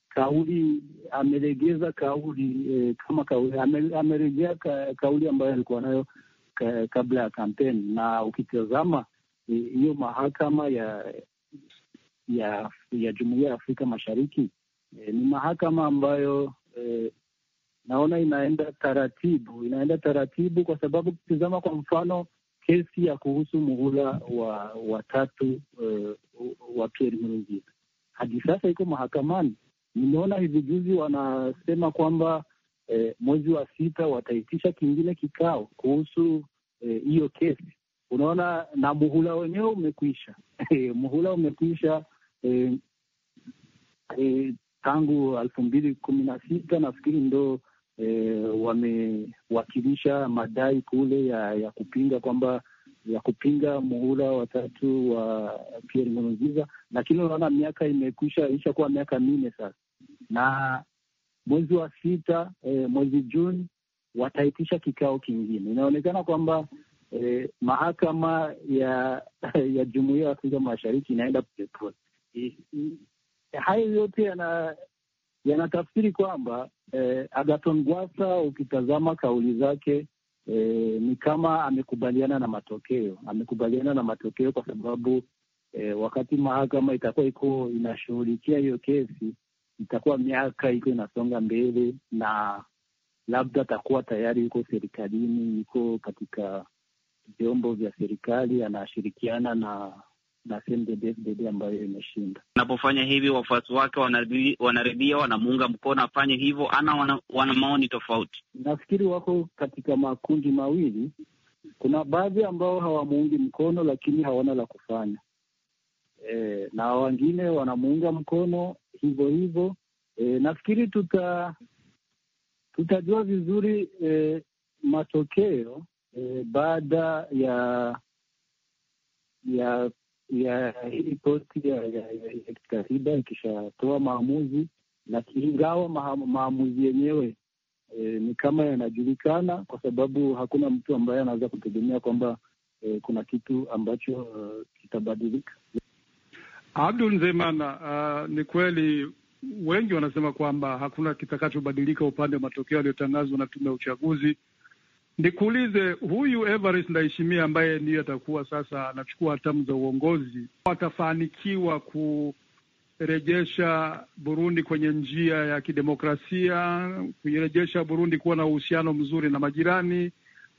kauli amelegeza kauli eh, kama kauli ame, amerejea ka, kauli ambayo alikuwa nayo ka, kabla ya kampeni, na ukitazama e, hiyo eh, mahakama ya ya, ya Jumuiya ya Afrika Mashariki e, ni mahakama ambayo e, naona inaenda taratibu, inaenda taratibu kwa sababu tizama kwa mfano kesi ya kuhusu muhula wa watatu e, wa Pierre Nkurunziza hadi sasa iko mahakamani. Nimeona hivi juzi wanasema kwamba e, mwezi wa sita wataitisha kingine kikao kuhusu e, hiyo e, kesi. Unaona, na muhula wenyewe umekwisha (laughs) muhula umekwisha e, e, tangu elfu mbili kumi na sita nafikiri ndo e, wamewakilisha madai kule ya, ya kupinga kwamba ya kupinga muhula watatu wa Pierre Nkurunziza, lakini unaona miaka imekwisha isha kuwa miaka minne sasa, na mwezi wa sita e, mwezi Juni wataitisha kikao kingine. Inaonekana kwamba e, mahakama ya ya jumuiya ya Afrika Mashariki inaenda polepole hayo yote yana yanatafsiri kwamba eh, Agaton Gwasa ukitazama kauli zake eh, ni kama amekubaliana na matokeo, amekubaliana na matokeo kwa sababu eh, wakati mahakama itakuwa iko inashughulikia hiyo kesi itakuwa miaka iko inasonga mbele, na labda atakuwa tayari yuko serikalini, yuko katika vyombo vya serikali, anashirikiana na na sehemu fdd ambayo imeshinda. Anapofanya hivi, wafuasi wake wanaridhia, wanamuunga mkono afanye hivyo, ana wana, wana maoni tofauti. Nafikiri wako katika makundi mawili. Kuna baadhi ambao hawamuungi mkono, lakini hawana la kufanya e, na wengine wanamuunga mkono hivyo hivyo. E, nafikiri tuta tutajua vizuri e, matokeo e, baada ya ya ya hii koti ya, ya, ya kikatiba ikishatoa maamuzi, na ingawa maamuzi yenyewe e, ni kama yanajulikana, kwa sababu hakuna mtu ambaye anaweza kutegemea kwamba e, kuna kitu ambacho uh, kitabadilika. Abdul Nzeimana, uh, ni kweli wengi wanasema kwamba hakuna kitakachobadilika upande wa matokeo yaliyotangazwa na tume ya uchaguzi Nikuulize, huyu Evarist Ndaheshimia ambaye ndiyo atakuwa sasa anachukua hatamu za uongozi, atafanikiwa kurejesha Burundi kwenye njia ya kidemokrasia, kuirejesha Burundi kuwa na uhusiano mzuri na majirani,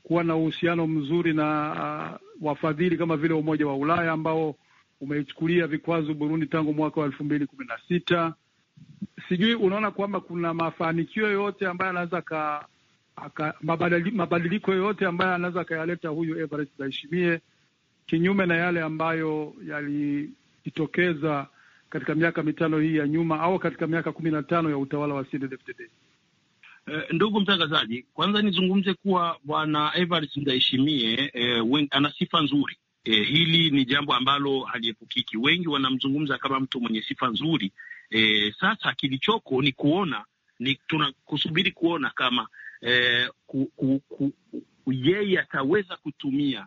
kuwa na uhusiano mzuri na uh, wafadhili kama vile Umoja wa Ulaya ambao umeichukulia vikwazo Burundi tangu mwaka wa elfu mbili kumi na sita. Sijui unaona kwamba kuna mafanikio yoyote ambayo anaweza ka mabadiliko yoyote ambayo anaweza akayaleta huyu Evariste Ndayishimiye, kinyume na yale ambayo yalijitokeza katika miaka mitano hii ya nyuma au katika miaka kumi na tano ya utawala wa CNDD-FDD. Eh, ndugu mtangazaji, kwanza nizungumze kuwa bwana Evariste Ndayishimiye eh, ana sifa nzuri. Eh, hili ni jambo ambalo haliepukiki. Wengi wanamzungumza kama mtu mwenye sifa nzuri. Eh, sasa kilichoko ni kuona ni tunakusubiri kuona kama eh, ku, ku, ku, yeye ataweza kutumia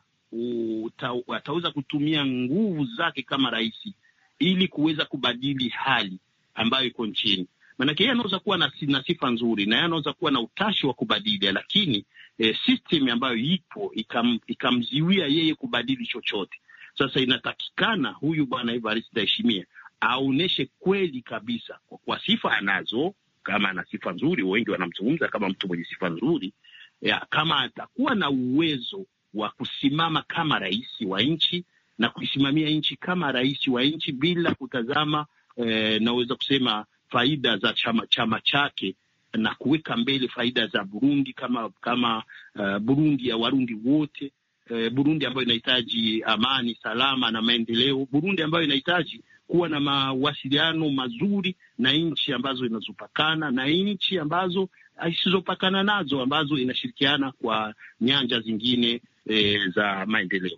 uta, ataweza kutumia nguvu zake kama rais ili kuweza kubadili hali ambayo iko nchini. Maanake yeye anaweza kuwa na sifa nzuri na yeye anaweza kuwa na utashi wa kubadili, lakini eh, system ambayo ipo ikam, ikamziwia yeye kubadili chochote. Sasa inatakikana huyu bwana Evariste Ndayishimiye aoneshe kweli kabisa kwa sifa anazo kama ana sifa nzuri, wengi wanamzungumza kama mtu mwenye sifa nzuri ya, kama atakuwa na uwezo wa kusimama kama rais wa nchi na kuisimamia nchi kama rais wa nchi bila kutazama eh, naweza kusema faida za chama chama chake na kuweka mbele faida za Burundi kama kama uh, Burundi ya Warundi wote uh, Burundi ambayo inahitaji amani, salama na maendeleo, Burundi ambayo inahitaji kuwa na mawasiliano mazuri na nchi ambazo inazopakana na nchi ambazo ah, isizopakana nazo ambazo inashirikiana kwa nyanja zingine e, za maendeleo.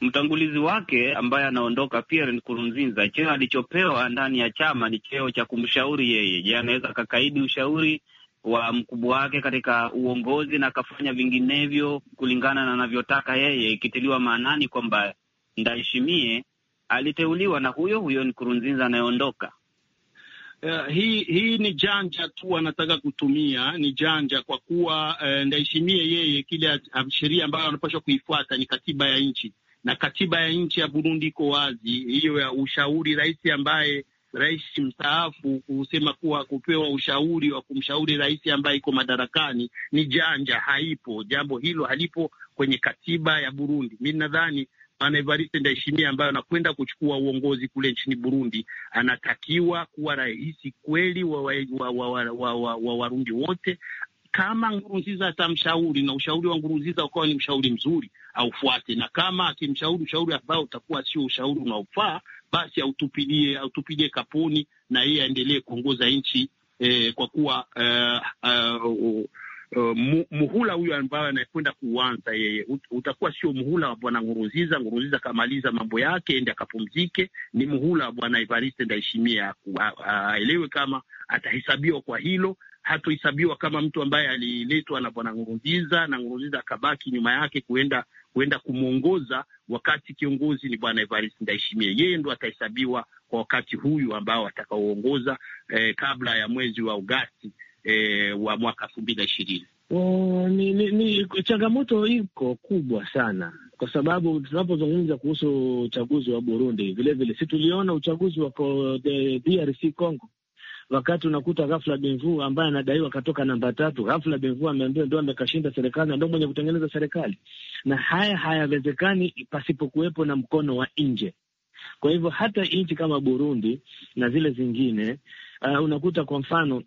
Mtangulizi wake ambaye anaondoka Pierre Nkurunziza, cheo alichopewa ndani ya chama ni cheo cha kumshauri yeye. Je, anaweza akakaidi ushauri wa mkubwa wake katika uongozi na akafanya vinginevyo kulingana na anavyotaka yeye, ikitiliwa maanani kwamba ndaheshimie aliteuliwa na huyo huyo Nkurunziza anayeondoka. Uh, hii hii ni janja tu anataka kutumia, ni janja kwa kuwa uh, eh, ndaheshimie yeye kile sheria ambayo anapaswa kuifuata ni katiba ya nchi, na katiba ya nchi ya Burundi iko wazi, hiyo ya ushauri rais ambaye rais mstaafu kusema kuwa kupewa ushauri wa kumshauri rais ambaye iko madarakani ni janja, haipo. Jambo hilo halipo kwenye katiba ya Burundi. Mi nadhani Bwana Evariste Ndayishimiye ambaye anakwenda kuchukua uongozi kule nchini Burundi anatakiwa kuwa rais kweli wa Warundi wa, wa, wa, wa, wa, wa, wa wote kama ngurunziza atamshauri na ushauri wa ngurunziza ukawa ni mshauri mzuri, aufuate, na kama akimshauri ushauri ambao utakuwa sio ushauri unaofaa, basi autupilie autupilie kaponi na yeye aendelee kuongoza nchi eh, kwa kuwa uh, uh, uh, muhula huyo ambayo anakwenda kuuanza yeye utakuwa sio muhula wa bwana Nguruziza. Nguruziza akamaliza mambo yake ende akapumzike, ni muhula wa bwana Evariste Ndayishimiye. Aelewe kama atahesabiwa kwa hilo, hatohesabiwa kama mtu ambaye aliletwa na bwana Nguruziza na Nguruziza akabaki nyuma yake kuenda kuenda kumwongoza, wakati kiongozi ni bwana Evariste Ndayishimiye. Yeye ndo atahesabiwa kwa wakati huyu ambao atakaoongoza, eh, kabla ya mwezi wa Agosti e, wa mwaka elfu mbili na ishirini. ni, ni, ni changamoto iko kubwa sana kwa sababu tunapozungumza kuhusu uchaguzi wa Burundi vilevile, si tuliona uchaguzi wa DRC Congo, wakati unakuta ghafla Benvu ambaye anadaiwa katoka namba tatu, ghafla Benvu ameambiwa ndo amekashinda serikali na ndo mwenye kutengeneza serikali, na haya hayawezekani pasipokuwepo na mkono wa nje. Kwa hivyo hata nchi kama Burundi na zile zingine uh, unakuta kwa mfano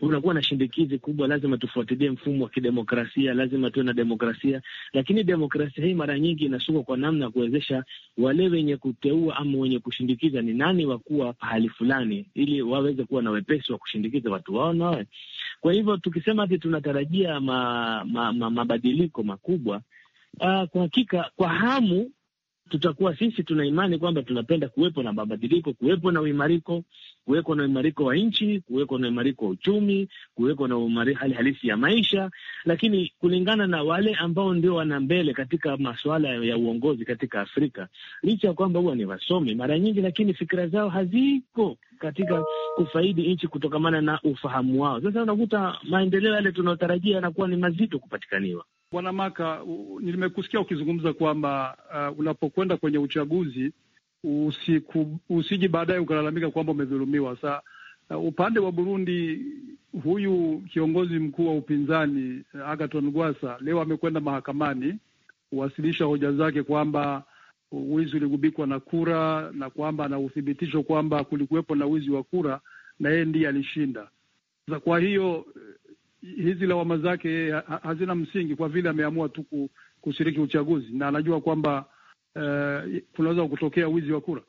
unakuwa na shindikizi kubwa, lazima tufuatilie mfumo wa kidemokrasia, lazima tuwe na demokrasia. Lakini demokrasia hii mara nyingi inasukwa kwa namna ya kuwezesha wale wenye kuteua ama wenye kushindikiza ni nani wakuwa pahali fulani, ili waweze kuwa na wepesi wa kushindikiza watu wao na wawe. Kwa hivyo tukisema ati tunatarajia ma, ma, ma, mabadiliko makubwa, uh, kwa hakika kwa hamu tutakuwa sisi tuna imani kwamba tunapenda kuwepo na mabadiliko, kuwepo na uimariko, kuweko na uimariko wa nchi, kuweko na uimariko wa uchumi, kuweko na hali halisi ya maisha, lakini kulingana na wale ambao ndio wana mbele katika masuala ya uongozi katika Afrika, licha ya kwamba huwa ni wasomi mara nyingi, lakini fikira zao haziko katika kufaidi nchi kutokamana na ufahamu wao. Sasa unakuta maendeleo yale tunayotarajia yanakuwa ni mazito kupatikaniwa. Bwana Maka, nimekusikia ukizungumza kwamba uh, unapokwenda kwenye uchaguzi usiku, usiji baadaye ukalalamika kwamba umedhulumiwa. Sa uh, upande wa Burundi, huyu kiongozi mkuu wa upinzani uh, Agaton Gwasa leo amekwenda mahakamani kuwasilisha hoja zake kwamba wizi uligubikwa na kura na kwamba ana uthibitisho kwamba kulikuwepo na wizi wa kura na yeye ndiye alishinda. Kwa hiyo hizi lawama zake hazina msingi kwa vile ameamua tu kushiriki uchaguzi na anajua kwamba uh, kutokea wizi wa kura.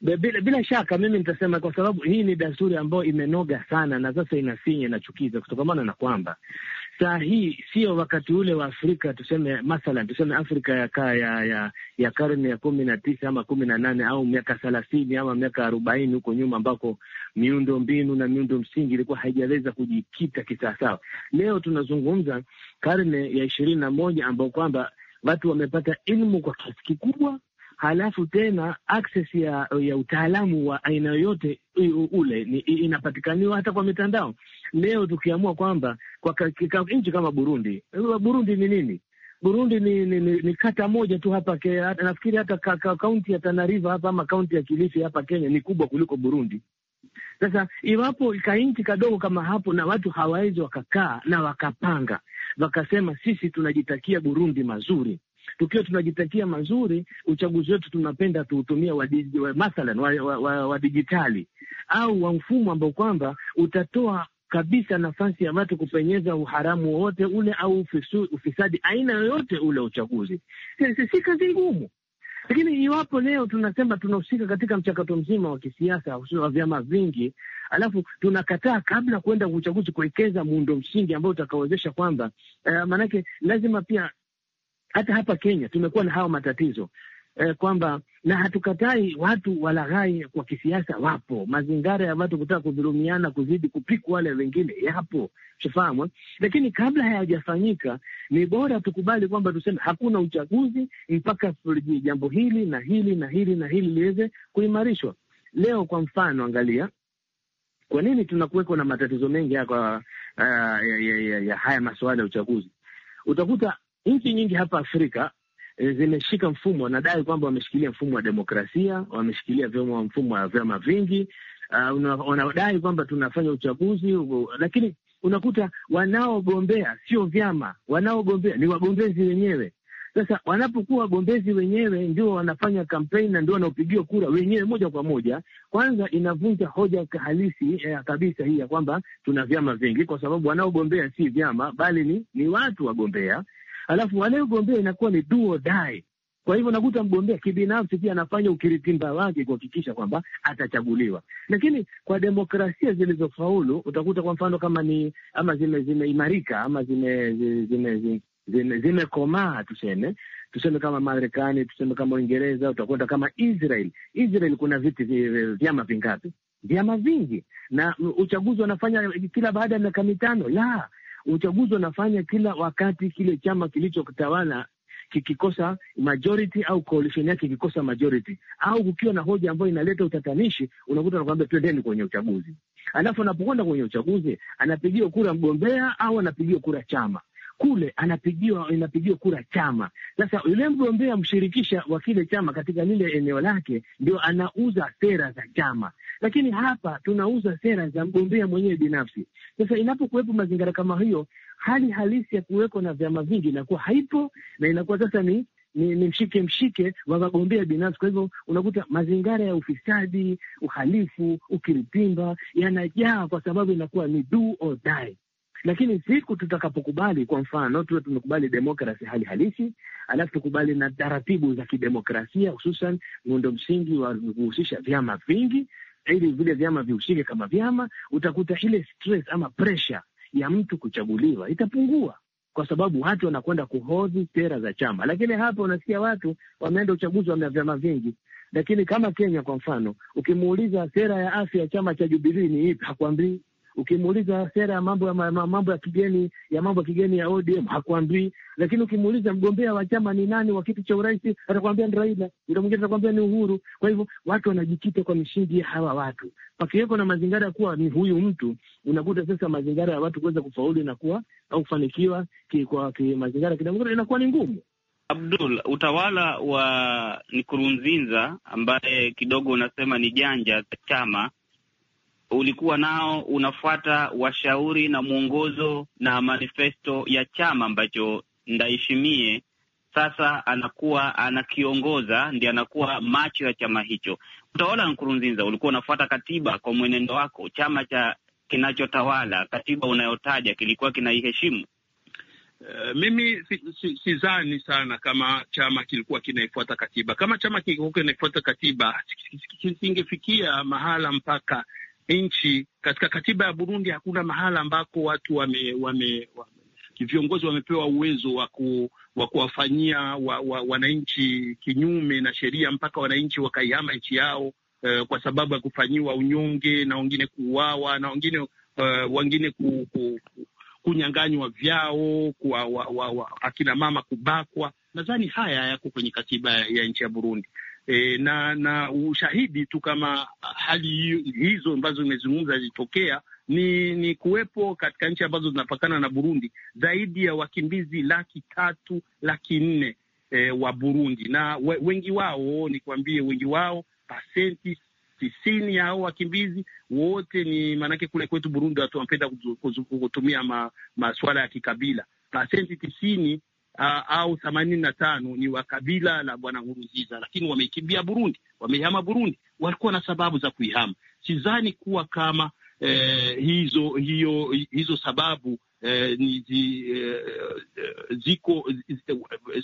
Bila, bila shaka mimi nitasema kwa sababu hii ni dasturi ambayo imenoga sana na sasa inasinya inachukiza, kutokamana na kwamba saa hii sio wakati ule wa Afrika, tuseme mathalan, tuseme Afrika ya ka, ya, ya, ya karne ya kumi na tisa ama kumi na nane au miaka thelathini ama miaka arobaini huko nyuma, ambako miundo mbinu na miundo msingi ilikuwa haijaweza kujikita kisawasawa. Leo tunazungumza karne ya ishirini na moja ambao kwamba watu wamepata ilmu kwa kiasi kikubwa halafu tena access ya, ya utaalamu wa aina yoyote ule ni, inapatikaniwa hata kwa mitandao. Leo tukiamua kwamba kwa nchi kama Burundi, eh, Burundi ni nini? Burundi ni, ni, ni, ni kata moja tu hapa ke, nafikiri hata kaunti ya Tana River hapa ama kaunti ya Kilifi hapa Kenya ni kubwa kuliko Burundi. Sasa iwapo kanchi kadogo kama hapo, na watu hawawezi wakakaa na wakapanga wakasema, sisi tunajitakia Burundi mazuri tukiwa tunajitakia mazuri, uchaguzi wetu tunapenda tuutumia wa, wa, mathalan wa, wa, wa, wa dijitali au wa mfumo ambao kwamba utatoa kabisa nafasi ya watu kupenyeza uharamu wowote ule au ufisu, ufisadi aina yoyote ule uchaguzi. Si kazi ngumu, lakini iwapo leo tunasema tunahusika katika mchakato mzima wa kisiasa wa vyama vingi, alafu tunakataa kabla kwenda uchaguzi kuwekeza muundo msingi ambao utakawezesha kwamba, uh, maanake lazima pia hata hapa Kenya tumekuwa na hawa matatizo eh, kwamba na hatukatai watu walaghai kwa kisiasa, wapo mazingara ya watu kutaka kudhulumiana kuzidi kupiku wale wengine, yapo shafahamu. Eh? Lakini kabla hayajafanyika ni bora tukubali kwamba tuseme hakuna uchaguzi mpaka jambo hili na hili na hili na hili liweze kuimarishwa. Leo kwa mfano, angalia kwa nini tunakuwekwa na matatizo mengi ya, kwa, uh, ya, ya, ya, ya haya masuala ya uchaguzi utakuta nchi nyingi hapa Afrika eh, zimeshika mfumo, wanadai kwamba wameshikilia mfumo wa demokrasia, wameshikilia mfumo wa vyama vingi, uh, wanadai kwamba tunafanya uchaguzi uh, lakini unakuta wanaogombea sio vyama, wanaogombea ni wagombezi wenyewe. Sasa wanapokuwa wagombezi wenyewe ndio wanafanya kampeni na ndio wanaopigiwa kura wenyewe moja kwa moja, kwanza inavunja hoja halisi eh, kabisa hii ya kwamba tuna vyama vingi, kwa sababu wanaogombea si vyama bali ni, ni watu wagombea alafu wanayogombea inakuwa ni duo dai. Kwa hivyo nakuta mgombea kibinafsi pia anafanya ukiritimba wake kuhakikisha kwamba atachaguliwa, lakini kwa demokrasia zilizofaulu utakuta kwa mfano kama ni ama zimeimarika zime ama zimekomaa zime, zime, zime, zime tuseme tuseme kama Marekani, tuseme kama Uingereza, utakwenda kama Israel. Israel kuna viti vyama vingapi? Vyama vingi, na uchaguzi wanafanya kila baada ya miaka mitano. La, uchaguzi wanafanya kila wakati, kile chama kilichotawala kikikosa majority au coalition yake ikikosa majority au kukiwa na hoja ambayo inaleta utatanishi, unakuta anakwambia twendeni kwenye uchaguzi. Alafu anapokwenda kwenye uchaguzi anapigiwa kura mgombea au anapigiwa kura chama kule anapigiwa inapigiwa kura chama. Sasa yule mgombea mshirikisha wa kile chama katika lile eneo lake ndio anauza sera za chama, lakini hapa tunauza sera za mgombea mwenyewe binafsi. Sasa inapokuwepo mazingira kama hiyo, hali halisi ya kuweko na vyama vingi inakuwa haipo na inakuwa sasa ni ni, ni mshike mshike wa wagombea binafsi. Kwa hivyo unakuta mazingara ya ufisadi, uhalifu, ukiritimba yanajaa, kwa sababu inakuwa ni do or die. Lakini siku tutakapokubali, kwa mfano, tuwe tumekubali demokrasi hali halisi, alafu tukubali na taratibu za kidemokrasia, hususan muundo msingi wa kuhusisha vyama vingi, ili vile vyama vihusike kama vyama, utakuta ile stress ama pressure ya mtu kuchaguliwa itapungua kwa sababu watu wanakwenda kuhodhi sera za chama. Lakini hapa unasikia watu wameenda uchaguzi, wana vyama vingi. Lakini kama Kenya kwa mfano, ukimuuliza sera ya afya ya chama cha Jubilii ni ipi, hakuambii. Ukimuuliza sera ya mambo ya mambo ya kigeni ya mambo ya kigeni ya ODM hakuambii, lakini ukimuuliza mgombea wa chama ni nani wa kiti cha urais, atakwambia ni Raila, ndio mwingine atakwambia ni Uhuru. Kwa hivyo watu wanajikita kwa mishindi ya hawa watu, pakiweko na mazingira ya kuwa ni huyu mtu, unakuta sasa mazingira ya watu kuweza kufaulu inakuwa au kufanikiwa ki, kwa ki, mazingira kidemokrasia inakuwa ni ngumu. Abdul, utawala wa Nkurunziza ambaye kidogo unasema ni janja za chama ulikuwa nao unafuata washauri na mwongozo na manifesto ya chama ambacho Ndaishimie sasa anakuwa anakiongoza, ndi anakuwa macho ya chama hicho. Utawala wa Nkurunziza ulikuwa unafuata katiba kwa mwenendo wako, chama cha kinachotawala katiba unayotaja kilikuwa kinaiheshimu. Uh, mimi sizani si, si sana kama chama kilikuwa kinaifuata katiba. Kama chama kilikuwa kinaifuata katiba, kisingefikia mahala mpaka nchi. Katika katiba ya Burundi hakuna mahala ambako watu wame, wame, wame viongozi wamepewa uwezo wa kuwafanyia wa, wa, wananchi kinyume na sheria mpaka wananchi wakaihama nchi yao uh, kwa sababu ya kufanyiwa unyonge na wengine kuuawa na wengine uh, wengine ku, ku, ku, kunyang'anywa vyao kwa, wa, wa, wa, akina mama kubakwa. Nadhani haya yako kwenye katiba ya nchi ya Burundi e, na na ushahidi tu kama hali hizo ambazo imezungumza zilitokea ni ni kuwepo katika nchi ambazo zinapakana na Burundi zaidi ya wakimbizi laki tatu laki nne e, wa Burundi na we, wengi wao nikwambie, wengi wao pasenti tisini ya hao wakimbizi wote ni maanake, kule kwetu Burundi watu wanapenda kutumia masuala ma ya kikabila. Pasenti tisini uh, au themanini na tano ni wa kabila la bwana Nkurunziza, lakini wameikimbia Burundi, wameihama Burundi, walikuwa na sababu za kuihama. Sidhani kuwa kama eh, hizo hiyo hizo sababu eh, ni zi, eh, ziko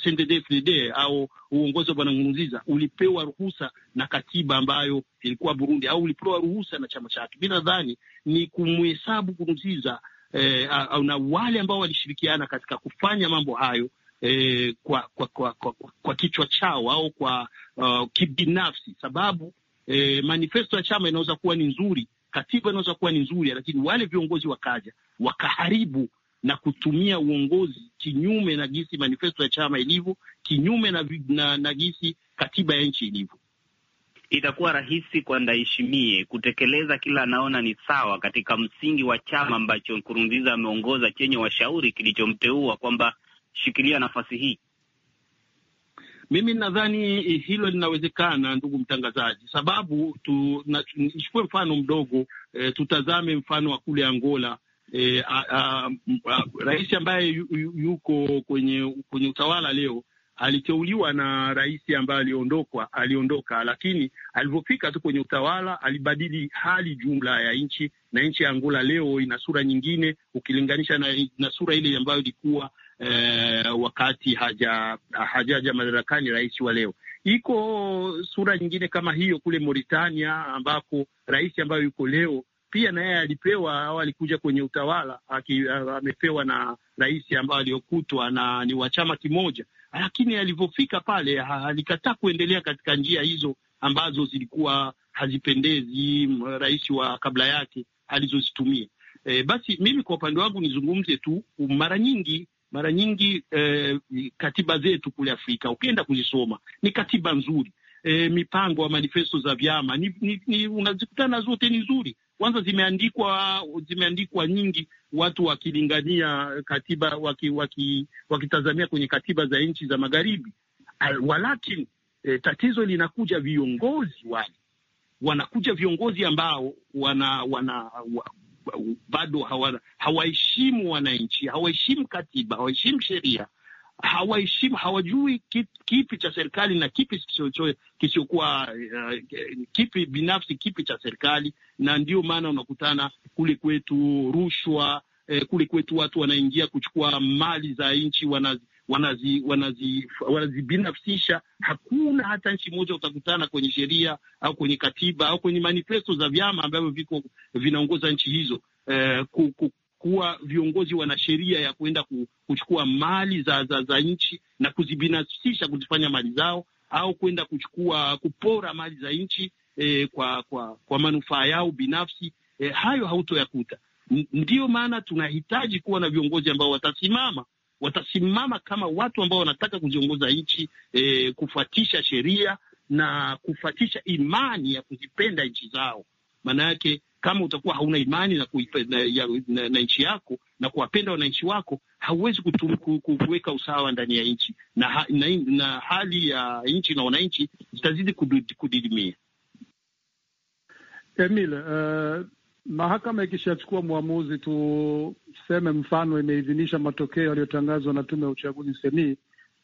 CNDD-FDD au uongozi wa bwana Nkurunziza ulipewa ruhusa na katiba ambayo ilikuwa Burundi, au ulipewa ruhusa na chama chake. Mi nadhani ni kumhesabu Nkurunziza eh, na wale ambao walishirikiana katika kufanya mambo hayo eh, kwa, kwa, kwa, kwa, kwa, kwa kichwa chao au kwa uh, kibinafsi, sababu eh, manifesto ya chama inaweza kuwa ni nzuri, katiba inaweza kuwa ni nzuri, lakini wale viongozi wakaja wakaharibu na kutumia uongozi kinyume na gisi manifesto ya chama ilivyo, kinyume na, na, na gisi katiba ya nchi ilivyo, itakuwa rahisi kwa Ndayishimiye kutekeleza kila anaona ni sawa katika msingi wa chama ambacho Nkurunziza ameongoza chenye washauri kilichomteua kwamba kushikilia nafasi hii? Mimi nadhani eh, hilo linawezekana, ndugu mtangazaji, sababu tu ichukue mfano mdogo e, tutazame mfano wa kule Angola. E, rais ambaye yuko kwenye kwenye utawala leo aliteuliwa na rais ambaye aliondoka aliondoka, lakini alivyofika tu kwenye utawala alibadili hali jumla ya nchi, na nchi ya Angola leo ina sura nyingine ukilinganisha na, na sura ile ambayo ilikuwa eh, wakati haja hajaja madarakani rais wa leo. Iko sura nyingine kama hiyo kule Mauritania, ambapo rais ambayo yuko leo pia naye alipewa au alikuja kwenye utawala aki, amepewa na rais ambayo aliyokutwa na ni wa chama kimoja, lakini alivyofika pale alikataa kuendelea katika njia hizo ambazo zilikuwa hazipendezi rais wa kabla yake alizozitumia. E, basi mimi kwa upande wangu nizungumze tu, mara nyingi mara nyingi eh, katiba zetu kule Afrika ukienda kuzisoma ni katiba nzuri eh, mipango ya manifesto za vyama ni, ni, ni unazikutana zote ni nzuri. Kwanza zimeandikwa zimeandikwa nyingi, watu wakilingania katiba waki, waki, wakitazamia kwenye katiba za nchi za magharibi. Walakini eh, tatizo linakuja viongozi wale wanakuja viongozi ambao wana, wana, bado hawaheshimu hawa wananchi, hawaheshimu katiba, hawaheshimu sheria, hawaheshimu, hawajui kipi cha serikali na kipi kisiokuwa uh, kipi binafsi, kipi cha serikali. Na ndio maana unakutana kule kwetu rushwa eh, kule kwetu watu wanaingia kuchukua mali za nchi, wanazibinafsisha wanazi, wanazi hakuna hata nchi moja utakutana kwenye sheria au kwenye katiba au kwenye manifesto za vyama ambavyo viko vinaongoza nchi hizo eh, kuwa viongozi wana sheria ya kuenda kuchukua mali za, za, za nchi na kuzibinafsisha kuzifanya mali zao au kwenda kuchukua kupora mali za nchi eh, kwa kwa, kwa manufaa yao binafsi eh, hayo hautoyakuta. Ndiyo maana tunahitaji kuwa na viongozi ambao watasimama watasimama kama watu ambao wanataka kuziongoza nchi e, kufuatisha sheria na kufuatisha imani ya kuzipenda nchi zao. Maana yake kama utakuwa hauna imani na, na, na, na nchi yako na kuwapenda wananchi wako, hauwezi kuweka usawa ndani ya nchi na, na, na hali ya nchi na wananchi zitazidi kudidimia. Emil, uh, Mahakama ikishachukua mwamuzi, tuseme mfano imeidhinisha matokeo yaliyotangazwa na tume ya uchaguzi seni,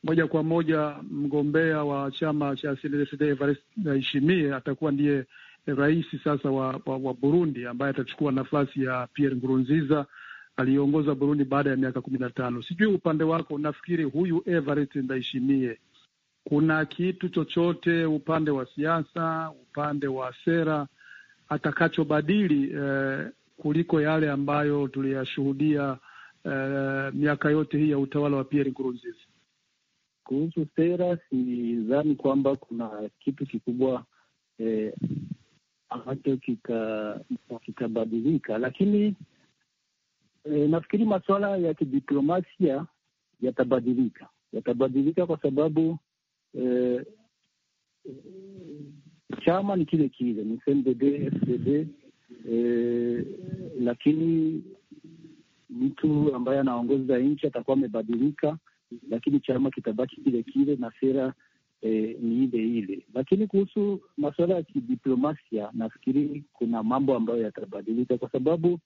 moja kwa moja mgombea wa chama cha cndd Ndayishimiye atakuwa ndiye rais sasa wa, wa, wa Burundi ambaye atachukua nafasi ya Pierre Nkurunziza aliyeongoza Burundi baada ya miaka kumi na tano. Sijui upande wako unafikiri huyu Evariste Ndayishimiye kuna kitu chochote upande wa siasa, upande wa sera atakachobadili eh, kuliko yale ambayo tuliyashuhudia eh, miaka yote hii ya utawala wa Pierre Nkurunziza. Kuhusu sera, sidhani kwamba kuna kitu kikubwa eh, ambacho kitabadilika, kika lakini eh, nafikiri masuala ya kidiplomasia yatabadilika, yatabadilika kwa sababu eh, chama ni kile kile, ni CNDD FDD, eh, lakini mtu ambaye anaongoza nchi atakuwa amebadilika, lakini chama kitabaki kile kile na sera E, ni ile ile. Lakini kuhusu masuala ya kidiplomasia, nafikiri kuna mambo ambayo yatabadilika kwa sababu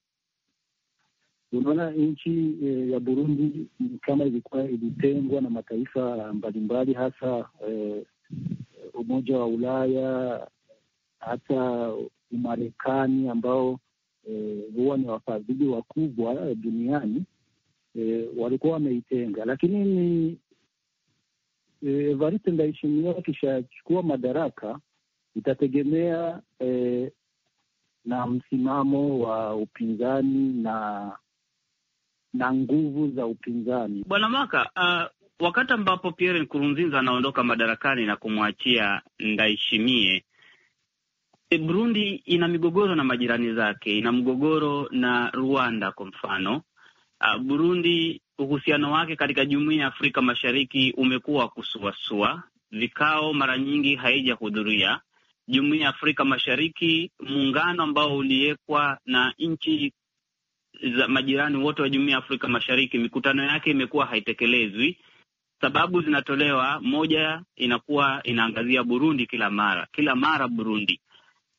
unaona nchi e, ya Burundi kama ilikuwa ilitengwa na mataifa mbalimbali hasa e, Umoja wa Ulaya, hata Umarekani ambao e, huwa ni wafadhili wakubwa eh, duniani e, walikuwa wameitenga, lakini ni e, Evariste Ndayishimiye akishachukua madaraka itategemea e, na msimamo wa upinzani na na nguvu za upinzani. Bwana Maka, ah, wakati ambapo Pierre Nkurunziza anaondoka madarakani na kumwachia ndaishimie e, Burundi ina migogoro na majirani zake, ina mgogoro na Rwanda kwa mfano. Uh, Burundi uhusiano wake katika jumuiya ya Afrika Mashariki umekuwa kusuasua, vikao mara nyingi haijahudhuria jumuiya ya Afrika Mashariki, muungano ambao uliwekwa na nchi za majirani wote wa jumuiya ya Afrika Mashariki, mikutano yake imekuwa haitekelezwi sababu zinatolewa. Moja inakuwa inaangazia Burundi kila mara, kila mara Burundi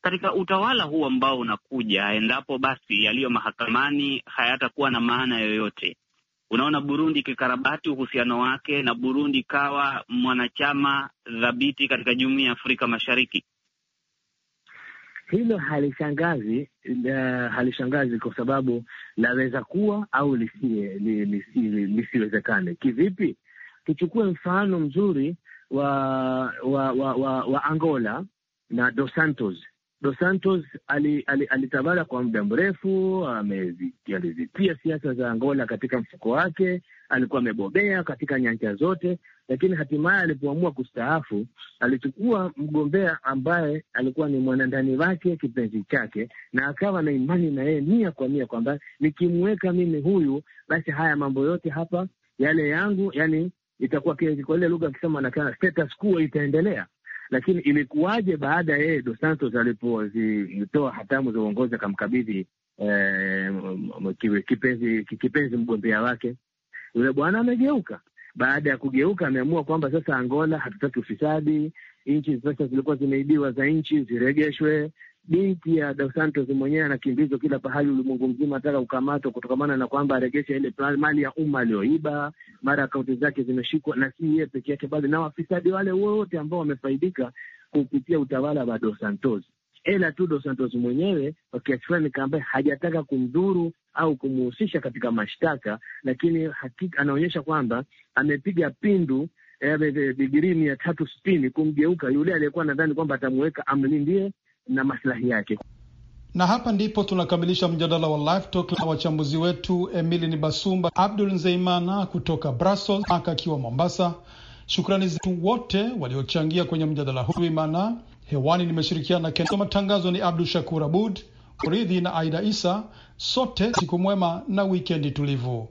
katika utawala huu ambao unakuja, endapo basi yaliyo mahakamani hayatakuwa na maana yoyote. Unaona Burundi ikikarabati uhusiano wake na Burundi ikawa mwanachama dhabiti katika jumuiya ya Afrika Mashariki. Hilo halishangazi, uh, halishangazi kwa sababu laweza kuwa au lisiwezekane. Kivipi? Tuchukue mfano mzuri wa wa, wa, wa wa Angola na Dos Santos. Dos Santos alitawala ali, ali kwa muda mrefu, alizitia siasa za Angola katika mfuko wake, alikuwa amebobea katika nyanja zote, lakini hatimaye alipoamua kustaafu, alichukua mgombea ambaye alikuwa ni mwanandani wake, kipenzi chake, na akawa na imani na yeye mia kwa mia kwamba nikimweka mimi huyu, basi haya mambo yote hapa yale yangu, yani itakuwa kwa ile lugha akisema nakana status quo itaendelea. Lakini ilikuwaje baada ya yeye Dos Santos alipozitoa hatamu za uongozi akamkabidhi eh, kipenzi mgombea wake yule bwana amegeuka. Baada ya kugeuka, ameamua kwamba sasa Angola hatutaki ufisadi, nchi sasa zilikuwa zimeibiwa za nchi ziregeshwe binti ya Dos Santos mwenyewe anakimbizwa kila pahali ulimwengu mzima, ataka kukamatwa kutokamana na kwamba aregesha ile mali ya umma aliyoiba, mara akaunti zake zimeshikwa, na si yeye peke yake, bali na wafisadi wale wote ambao wamefaidika kupitia utawala wa Dos Santos, tu Dos Santos mwenyewe kwa kiasi fulani ambaye hajataka kumdhuru au kumhusisha katika mashtaka, lakini hakika anaonyesha kwamba amepiga pindu eh, bigirii mia tatu sitini kumgeuka yule aliyekuwa nadhani kwamba atamuweka amlindie na maslahi yake. Na hapa ndipo tunakamilisha mjadala wa Live Talk na wachambuzi wetu Emili ni Basumba, Abdul Nzeimana kutoka Brussels, Maka akiwa Mombasa. Shukrani zetu wote waliochangia kwenye mjadala huu. Imana hewani nimeshirikiana na matangazo ni Abdu Shakur Abud Uridhi na Aida Isa. Sote siku mwema na wikendi tulivu.